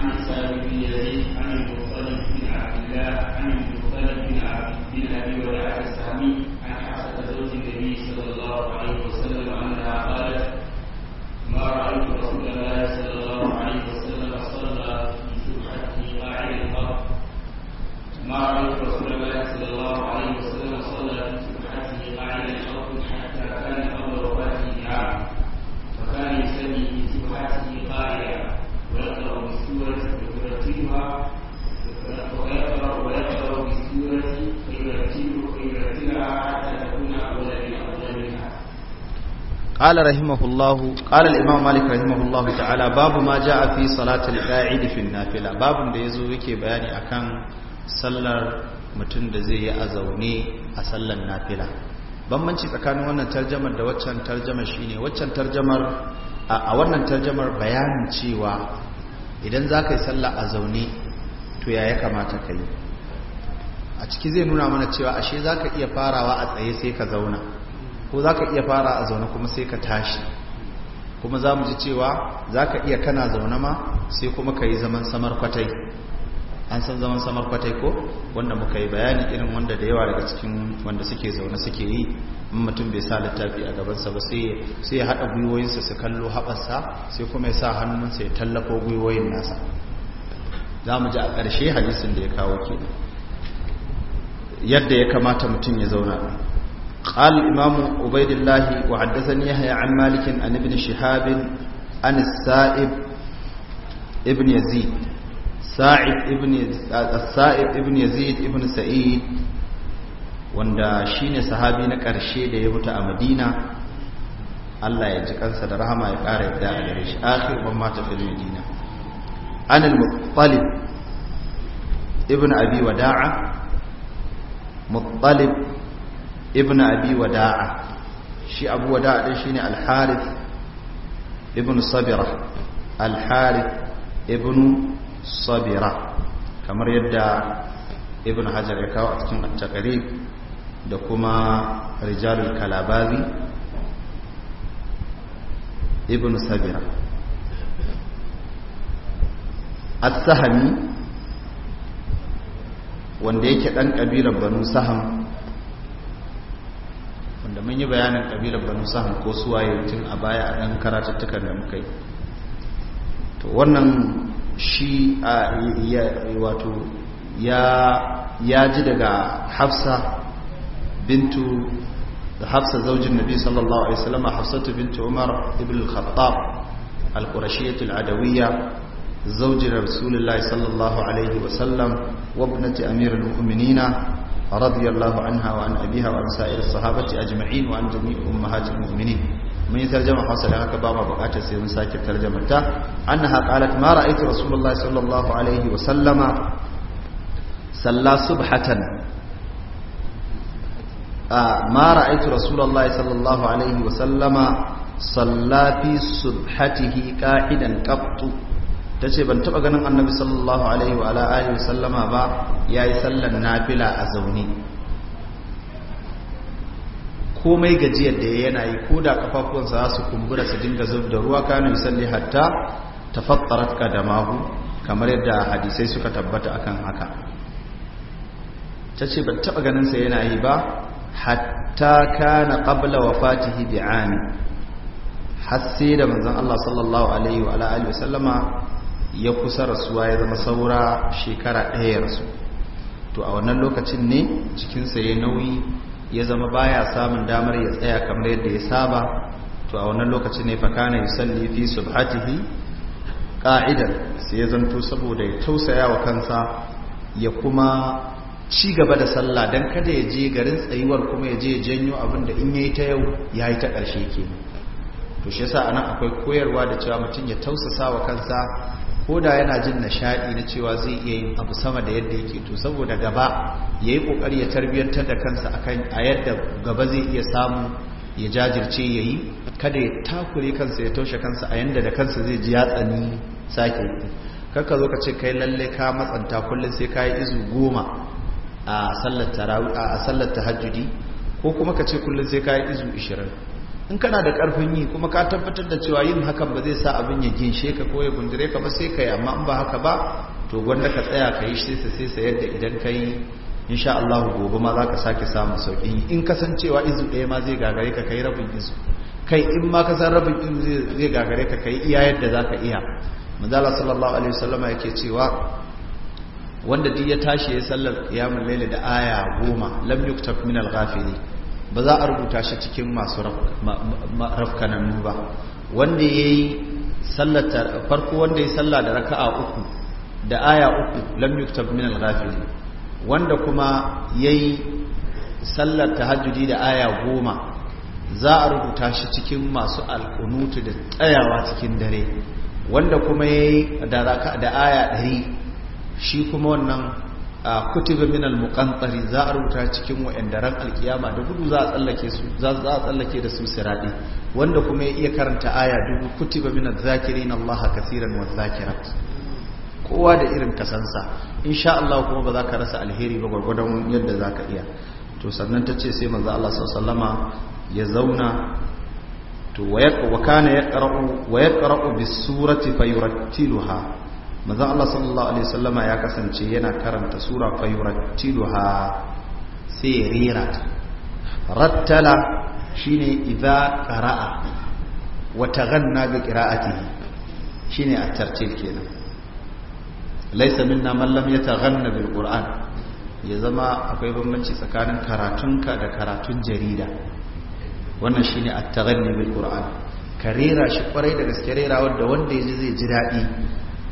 عن سالم بن يزيد عن المطلب بن عبد الله عن المطلب بن عبد بن ابي ولاد السامي عن حفصه زوج النبي صلى الله عليه وسلم انها قالت ما رايت رسول الله صلى الله عليه وسلم صلى في سبحته قاعدا الارض ما رايت رسول الله صلى الله قال رحمه الله قال الإمام مالك رحمه الله تعالى باب ما جاء في صلاة القاعد في النافلة باب da yazo yake bayani akan sallar mutum da zai yi a zaune a sallar nafila bambanci tsakanin wannan tarjamar da waccan tarjamar shine waccan tarjamar a wannan tarjamar bayanin cewa idan za salla sallah a zaune to ya kamata ka yi a ciki zai nuna mana cewa ashe za ka iya farawa a tsaye sai ka zauna ko za ka iya fara a zaune kuma sai ka tashi kuma za mu ji cewa za ka iya kana zaune ma sai kuma ka yi zaman samar kwatai an san zaman samar kwatai ko wanda muka yi bayani irin wanda da yawa daga cikin wanda suke zaune suke yi mutum bai sa littafi a gabansa ba sai ya haɗa gwiwoyinsa su kallo haɓarsa sai kuma ya sa hannunsa ya tallafo gwiwoyin nasa za mu ji a ƙarshe hadisin da ya kawo kenan yadda ya kamata mutum ya zauna قال الإمام عبيد الله وحدثني يحيى عن مالك عن ابن شهاب عن السائب ابن يزيد ساعد ابن السائب ابن يزيد ابن سعيد wanda shine sahabi na ƙarshe da ya mutu a Madina Allah ya ji kansa da rahama ya ƙara yadda a gare shi akhir ban mata fil Madina an al-Muttalib ibn Abi Wada'a Muttalib ibn abi wada'a shi abu wada'a din shine al-harith ibn sabira al-harith ibn sabira kamar yadda ibn hajar ya kawo a cikin at-taqrib da kuma rijalul kalabazi ibn sabira as-sahmi wanda yake dan kabilar banu saham wanda mun yi bayanin kabilar banu sahun ko suwaye tun a baya a ɗan karatattukan da muka yi to wannan shi a wato ya ji daga hafsa bintu da hafsa zaujin nabi sallallahu alaihi wasallam hafsatu bintu umar ibn al-khattab al-qurashiyyah al-adawiyya zaujin rasulullahi sallallahu alaihi الله عليه وسلم وابنة أمير رضي الله عنها وعن أبيها وعن سائر الصحابة أجمعين وعن جميع أمهات المؤمنين من ترجمة حصل هناك بابا بقات سيدنا ساكب ترجمته أنها قالت ما رأيت رسول الله صلى الله عليه وسلم صلى صبحة آه ما رأيت رسول الله صلى الله عليه وسلم صلى في صبحته قاعدا قبط ta ce ban taba ganin annabi sallallahu alaihi wa ala alihi sallama ba yayi yi sallan nafila a zaune komai gajiyar da yana yi ko da kafafuwansa za su kumbura su dinga zub da ruwa kana salli hatta tafattarat kadamahu kamar yadda hadisai suka tabbata akan haka tace ban taba ganin sa yana yi ba hatta kana qabla wafatihi bi'ani har da manzon Allah sallallahu alaihi wa ala alihi sallama. ya kusa rasuwa ya zama saura shekara ɗaya ya rasu to a wannan lokacin ne cikinsa ya nauyi ya zama baya samun damar ya tsaya kamar yadda ya saba to a wannan lokacin ne fakana salli fi subhatihi ƙa'idar sai ya zanto saboda ya tausaya wa kansa ya kuma ci gaba da sallah don kada ya je garin tsayuwar kuma ya je janyo abin da in yayi ta yau ya yi ta ƙarshe ke. to shi yasa anan akwai koyarwa da cewa mutum ya tausasa wa kansa ko da yana jin nishaɗi na cewa zai iya yin abu sama da yadda yake to saboda gaba ya yi ƙoƙari ya tarbiyyantar da kansa akan a yadda gaba zai iya samu ya jajirce ya yi kada ya takure kansa ya taushe kansa a yadda da kansa zai ji yatsani sake kakka zo ka ce kai lalle ka matsanta kullum sai ka yi izu goma a sallar tahajjudi ko kuma ka ce kullum sai ka yi izu ishirin in kana da karfin yi kuma ka tabbatar da cewa yin hakan ba zai sa abin ya ginshe ka ko ya gundure ka ba sai ka yi amma in ba haka ba to gwanda ka tsaya ka yi sai sai sai yadda idan ka yi insha Allah gobe ma za ka sake samun sauki yi in kasancewa izu ɗaya ma zai gagare ka kai rabin izu kai in ma ka san rabin izu zai gagare ka kai iya yadda za ka iya manzala sallallahu alaihi wasallama yake cewa wanda duk ya tashi ya sallar ya layl da aya goma lam yuktab min al-ghafilin ba za a rubuta shi cikin masu rafkanannu ba wanda ya yi farko wanda ya salla da raka'a uku da aya uku lam yuktab min al-ghafil wanda kuma yayi sallar tahajjudi da aya goma za a rubuta shi cikin masu alkunutu da tsayawa cikin dare wanda kuma yayi da raka'a da aya 100 shi kuma wannan a kutiba minal muqantari za a rubuta cikin wa'anda ran alkiyama da gudu za a tsallake su za a tsallake da su siradi wanda kuma ya iya karanta aya dubu kutiba minal zakirin dhakirin Allah kaseeran wa kowa da irin kasansa insha Allah kuma ba za ka rasa alheri ba gwargwadon yadda za ka iya to sannan ta ce sai manzo Allah sallama ya zauna to wa kana yaqra'u wa bis-surati fayurattiluha manzo Allah sallallahu alaihi wasallama ya kasance yana karanta sura fa tiluha sai ya rira rattala shi shine idza qara'a wa taghanna bi Shi ne at-tartil kenan laysa minna man lam yataghanna bil qur'an ya zama akwai bambanci tsakanin karatunka da karatun jarida wannan shi shine at-taghanni bil qur'an ka rera shi ƙwarai da gaske rera wanda wanda ji zai ji daɗi.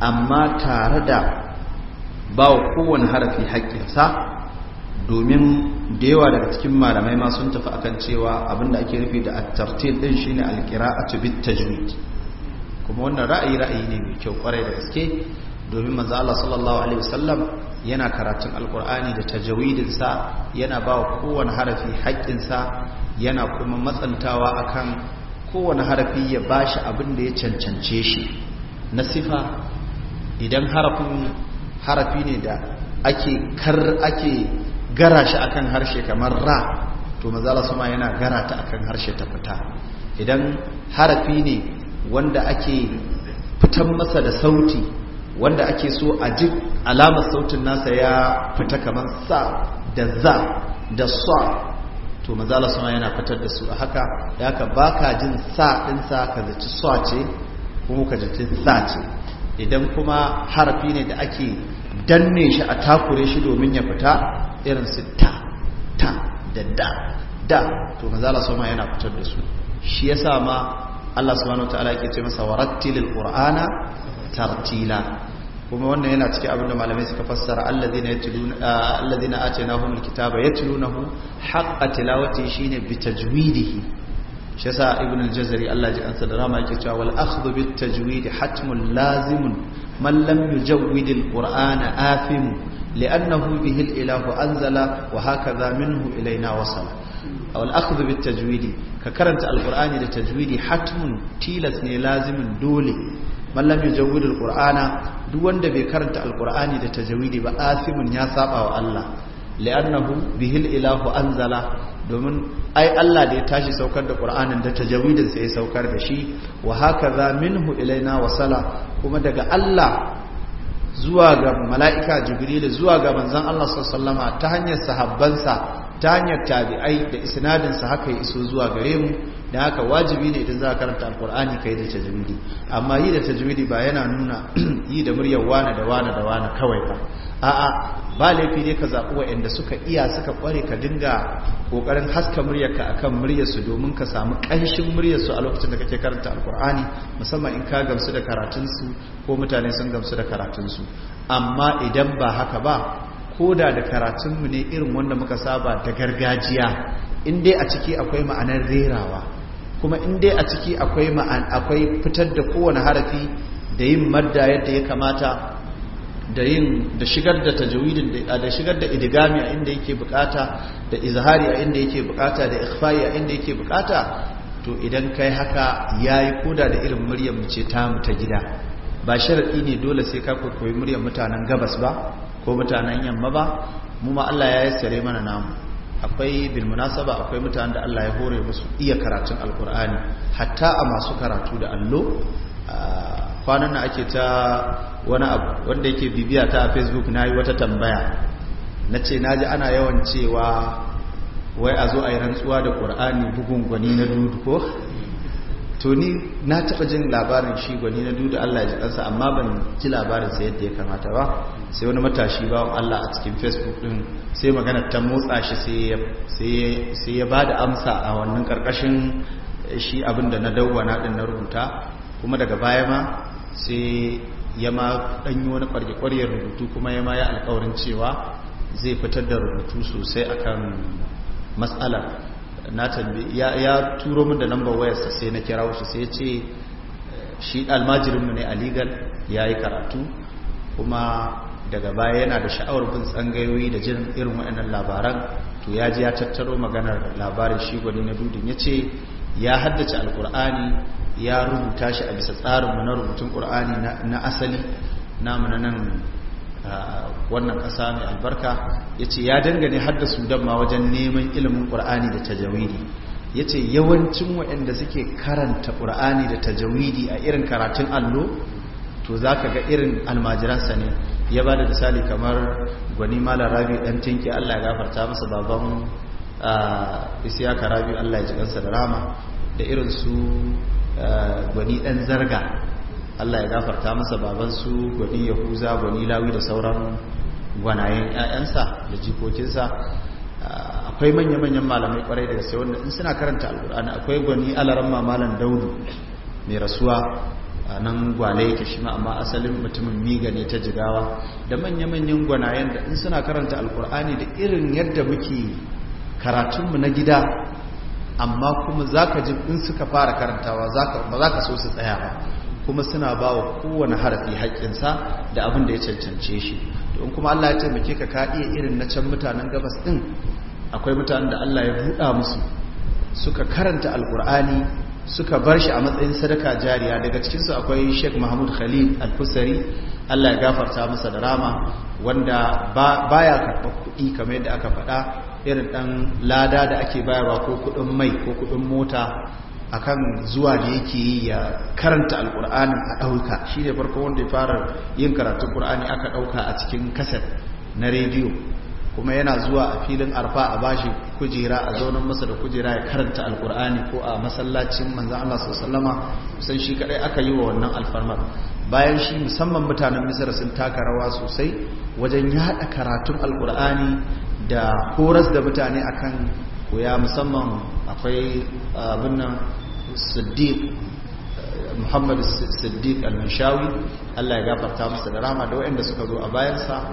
amma tare da ba kowane harafi haƙƙinsa domin da yawa daga cikin malamai ma sun tafi akan cewa abinda ake rufe da at ɗin din shine al-qira'atu bit-tajwid kuma wannan ra'ayi ra'ayi ne mai kyau kwarai da gaske domin manzo Allah sallallahu alaihi wasallam yana karatun alqur'ani da tajwidin sa yana ba kowane harafi haƙƙin sa yana kuma matsantawa akan kowane harafi ya bashi abin da ya cancance shi na sifa idan harafi ne da ake kar ake gara shi akan harshe kamar ra to mazala suma yana gara ta akan harshe ta fita idan harafi ne wanda ake fitan masa da sauti wanda ake so a ji alamar sautin nasa ya fita kamar sa da za da sa to mazala suna yana fitar da su a haka da ka ba ka jin sa ɗinsa ka zaci sa ce kuma ka zaci sa ce idan kuma harafi ne da ake danne shi a takure shi domin ya fita irin su ta ta da da da to mazala sama yana fitar da su shi yasa ma Allah subhanahu wataala yake ce masa warattilil qur'ana tartila kuma wannan yana cikin abinda malamai suka fassara alladhina yatluna alladhina atainahumul kitaba yatlunahu haqqa tilawati shine bitajwidihi shi yasa ibn al-jazari Allah ji kansa da rama yake cewa wal akhdhu bit tajwid hatmun lazimun man lam yujawwid al-qur'ana afim li'annahu bihi al-ilahu anzala wa hakaza minhu ilayna wasala aw al-akhdhu bit tajwid ka karanta al-qur'ani da tajwidi hatmun tilas ne lazimin dole man lam yujawwid al-qur'ana duk wanda bai karanta al-qur'ani da tajwidi ba asimun ya saba wa Allah li'annahu bihi al-ilahu anzala domin ai Allah da ya tashi saukar da Qur'anin da tajawidin sa ya saukar da shi wa haka hakaza minhu ilaina wa wasala kuma daga Allah zuwa ga mala'ika Jibril zuwa ga manzon Allah sallallahu ta hanyar sahabbansa ta hanyar tabi'ai da isnadin haka ya iso zuwa gare mu da haka wajibi ne idan za ka karanta alkur'ani ka yi da tajwidi amma yi da tajwidi ba yana nuna yi da muryar wana da wana da wana kawai ba a'a ba laifi ne ka zaɓi waɗanda suka iya suka kware ka dinga ƙoƙarin haska muryarka akan muryarsu domin ka samu ƙanshin muryarsu a lokacin da kake karanta alkur'ani musamman in ka gamsu da karatunsu ko mutane sun gamsu da karatunsu amma idan ba haka ba ko da da karatunmu ne irin wanda muka saba da gargajiya in dai a ciki akwai ma'anar rerawa kuma in dai a ciki akwai ma'an akwai fitar da kowane harafi da yin madda yadda ya kamata da yin da shigar da tajwidin da shigar da idgami a inda yake bukata da izhari a inda yake bukata da ikhfai a inda yake bukata to idan kai haka yayi koda da irin muryar mu ce ta mu ta gida ba sharadi ne dole sai ka koyi muryar mutanen gabas ba ko mutanen yamma ba mu ma Allah ya yassare mana namu akwai bilmunasaba akwai mutanen da Allah ya hore musu iya karatun alkur'ani hatta a masu karatu da allo kwanan na ake ta wani abu wanda yake bibiya ta a facebook na yi wata tambaya na ce na ana yawan cewa wai a zo a yi rantsuwa da ƙur'ani bugun gwani na dudu ko to ni na taɓa jin labarin shi gwani na duda Allah ya kansa amma ban ci labarin sa yadda ya kamata ba sai wani matashi ba Allah a cikin Facebook din sai magana ta motsa shi sai ya ba da amsa a wannan karkashin shi abin da na dawwana din na rubuta kuma daga baya ma sai ya ma ɗanyi wani kwariyar rubutu kuma ya ma ya alƙawarin cewa zai fitar da rubutu sosai akan matsalar na ya turo min da lambar wayarsa sai na kira shi sai ce shi almajirin mu ne a legal yayi karatu kuma daga baya yana da sha'awar bin tsangayoyi da jin irin waɗannan labaran to ya ji ya tattaro maganar labarin shi gwani na dudin ya ce ya haddace alkur'ani ya rubuta shi a bisa tsarin mu na rubutun ƙur'ani na asali namu mun nan wannan ƙasa mai albarka ya ce ya dangane har da sudan ma wajen neman ilimin ƙur'ani da tajawidi ya ce yawancin waɗanda suke karanta ƙur'ani da tajawidi a irin karatun allo to za ka ga irin almajiransa ne ya ba da misali kamar gwani malar rabi ɗan tinki allah ya gafarta masa baban isiyaka rabi allah ya ji kansa da rama da irinsu gwani ɗan zarga Allah ya gafarta masa babansu gwani yahuza gwani lawi da sauran gwanayen 'ya'yansa da jikokinsa akwai manya-manyan malamai kwarai daga sai wanda in suna karanta alkur'ani akwai gwani alaran mamalan daudu mai rasuwa a nan gwale yake shi ma amma asalin mutumin miga ne ta jigawa da manya-manyan gwanayen da in suna karanta alkur'ani da irin yadda muke karatunmu na gida amma kuma za ka ji in suka fara karantawa ba za ka so su tsaya ba kuma suna ba wa kowane harafi haƙƙinsa da abin da ya cancance shi To in kuma Allah ya taimake ka ka iya irin na can mutanen gabas din. akwai mutanen da Allah ya buɗa musu suka karanta alƙur'ani suka bar shi a matsayin sadaka jariya daga cikin su akwai sheikh mahmud khalil alfusari Allah ya gafarta masa da rama wanda baya karɓar kuɗi kamar yadda aka faɗa irin ɗan lada da ake bayarwa ko kuɗin mai ko kuɗin mota akan zuwa da yake yi ya karanta alkur'anin a ɗauka shi ne farko wanda ya fara yin karatun kur'ani aka ɗauka a cikin kaset na rediyo kuma yana zuwa a filin arfa a bashi kujera a zaunan masa da kujera ya karanta alkur'ani ko a masallacin manzan Allah sallama kusan shi kaɗai aka yi wa wannan alfarmar bayan shi musamman mutanen misar sun taka rawa sosai wajen yaɗa karatun alkur'ani da horas da mutane akan wuya musamman akwai ah, abin nan siddiq muhammadu siddiq al-mashawi allah ya gafarta masa da rama da waɗanda suka zo a bayansa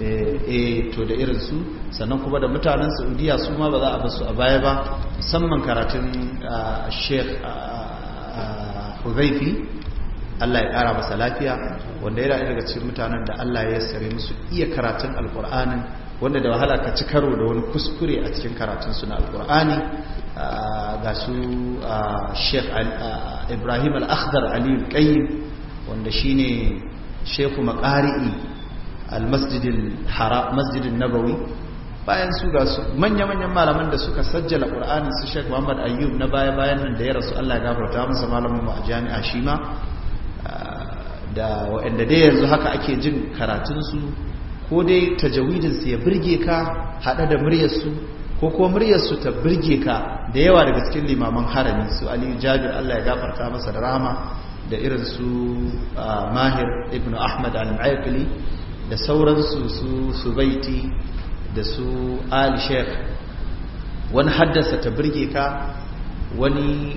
e to da irinsu sannan kuma da mutanen saudiya su ma ba za a basu a baya ba musamman karatun ah, sheikh ah, huzaifi allah ya ƙara masa lafiya wanda yana daga cikin mutanen da allah ya sare musu iya karatun alƙur'anin wanda da wahala ka ci karo da wani kuskure a cikin karatun suna alkur'ani ga su sheikh ibrahim al-akhdar aliyu qayyim wanda ne shefu makari'i al-masjidin nabawi bayan su ga su manya-manyan malaman da suka sajjala ƙur'ani su sheikh muhammad ayyub na baya-bayan nan da ya rasu allah gafarta masa malamin a jami'a shi ma da waɗanda dai yanzu haka ake jin karatunsu ko dai su ya birge ka haɗe da muryarsu ko kuma muryarsu ta birge ka da yawa daga cikin limaman harami su aliyu jabir allah ya gafarta masa da rahama da irin su mahir ibn ahmad al-aikali da sauransu su subaiti da su ali sheikh wani haddasa ta birge ka wani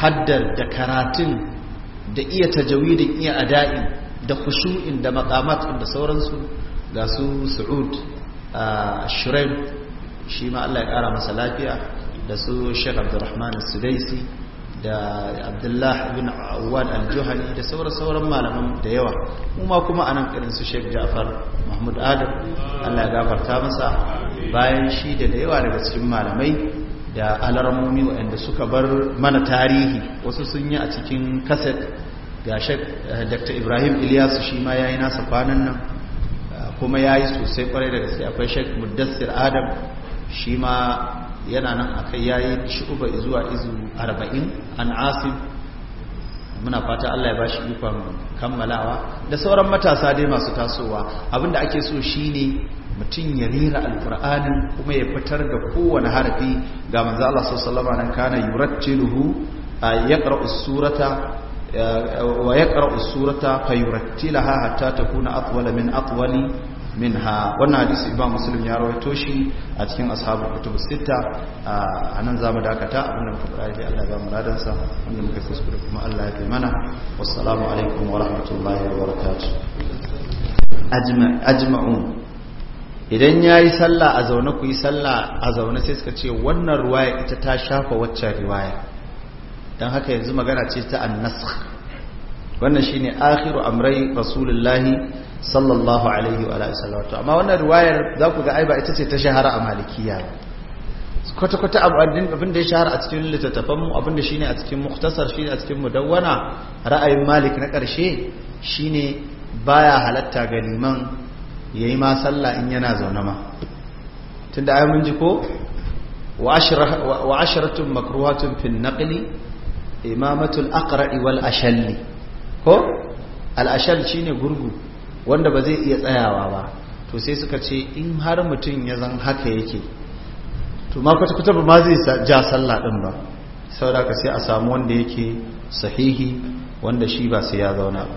haddar da karatun da iya tajawidin iya adai da khushu'in da maqamat da sauransu ga su Saud Shuraim shi ma Allah ya kara masa lafiya da su Sheikh Abdulrahman Sudaisi da Abdullah bin Awad al-Juhani da sauran sauran malaman da yawa kuma kuma kuma anan irin su Sheikh Ja'far Mahmud Adam Allah ya gafarta masa bayan shi da da yawa daga cikin malamai da alarmomi waɗanda suka bar mana tarihi wasu sun yi a cikin kaset ga eh, dr ibrahim ilyasu shi ma ya yi nasa kwanan nan kuma ya yi sosai kwarai da gaske akwai sheik muddassir adam shi ma yana nan a kai ya yi shi'uba zuwa izu arba'in an asib muna fata allah ya ba shi ikon kammalawa da sauran matasa dai masu tasowa abinda ake so shi ne mutum ya rera alkur'ani kuma ya fitar da kowane harfi ga manzo Allah sallallahu alaihi wasallam kana yurattiluhu yaqra'u surata wa yaqra'u surata fayurattilaha hatta takuna atwala min atwali ha wannan hadisi imam muslim ya rawaito shi a cikin ashabu kutubu sita a nan zamu dakata abinda muka fara dai Allah ya ba wanda muka kuskure kuma Allah ya kai mana wassalamu alaikum wa rahmatullahi wa barakatuh ajma'un idan yayi sallah a zaune ku yi sallah a zaune sai suka ce wannan riwaya ita ta shafa waccan riwaya dan haka yanzu magana ce ta an-nasakh wannan shine akhiru amrai rasulullahi sallallahu alaihi wa sallam to amma wannan riwayar za ku ga ai ba ita ce ta shahara a malikiya kwata-kwata abin da ya shahara a cikin littattafanmu mu abin da shine a cikin muktasar ne a cikin mudawwana ra'ayin malik na ƙarshe shine baya halatta ga liman yayi ma sallah in yana zaune ma tunda ai mun ji ko wa asharatun makruhatun fin naqli imamatul aqra'i wal ashalli ko al ashall shine gurgu wanda ba zai iya tsayawa ba to sai suka ce in har mutum ya zan haka yake to ma kwata ba ma zai ja sallah din ba saboda ka sai a samu wanda yake sahihi wanda shi ba sai ya zauna ba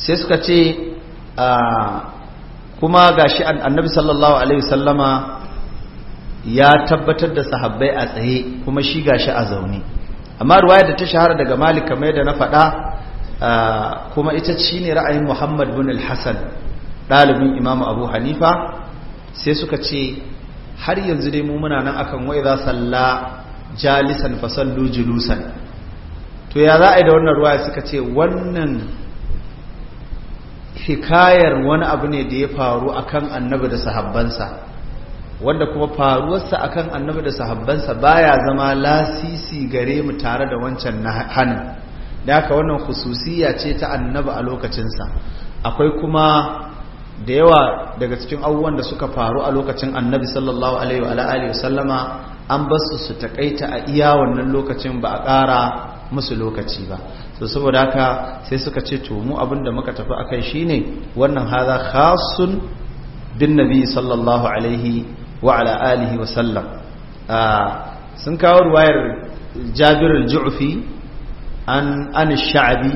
sai suka ce kuma gashi annabi sallallahu alaihi wasallama ya tabbatar da sahabbai a tsaye kuma shi gashi a zaune amma ruwaya da ta shahara daga malik kamar da na faɗa kuma ita ci ne ra'ayin muhammad bin al-hassan ɗalibin imam abu hanifa sai suka ce har yanzu dai mu muna nan akan wai za salla jalisan fasallu julusan to ya za a yi da wannan ruwaya suka ce wannan hikayar wani abu ne da ya faru akan annabi da sahabbansa wanda kuma faruwarsa akan annabi da sahabbansa baya zama lasisi gare mu tare da wancan hanin da haka wannan khususiyya ce ta annabi a lokacinsa akwai kuma da yawa daga cikin abubuwan da suka faru a lokacin annabi sallallahu alaihi wa alihi wasallama an basu su takaita a iya wannan lokacin ba a ƙara musu lokaci ba so saboda haka sai suka ce to mu abin da muka tafi akai shine wannan hadha khasun bin nabi sallallahu alaihi wa ala alihi wa sallam ah, sun kawo ruwayar jabir al-ju'fi an an sha'bi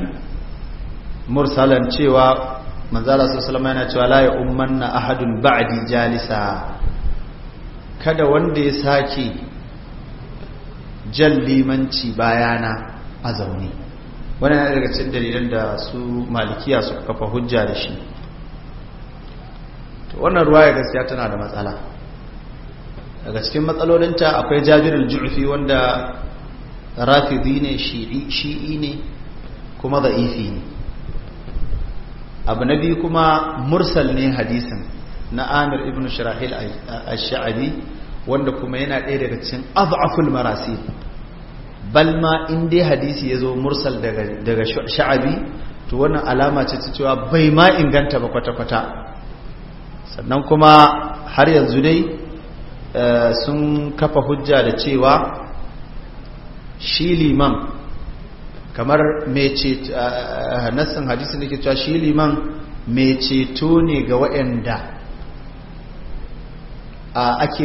mursalan cewa manzala sallallahu yana cewa la ya ummanna ahadun ba'di jalisa kada wanda ya sake jan limanci bayana a zaune wannan yana daga cikin dalilan da su malikiya suka kafa hujja da shi wannan ruwaya gaskiya tana da matsala daga cikin matsalolinta akwai jabirin ju'fi wanda rafidi ne shi'i ne kuma za'ifi ne abu na biyu kuma mursal ne hadisin na amir ibn shirahil al-sha'abi wanda kuma yana ɗaya daga cikin az'aful marasi balma in dai hadisi ya zo mursal daga sha'abi to wannan alama ce ta cewa bai ma inganta ba kwata-kwata sannan kuma har yanzu dai Eh, sun kafa hujja da cewa shi liman kamar mece eh, hadisi da ke cewa shi liman mai ceto ne ga waɗanda eh, ake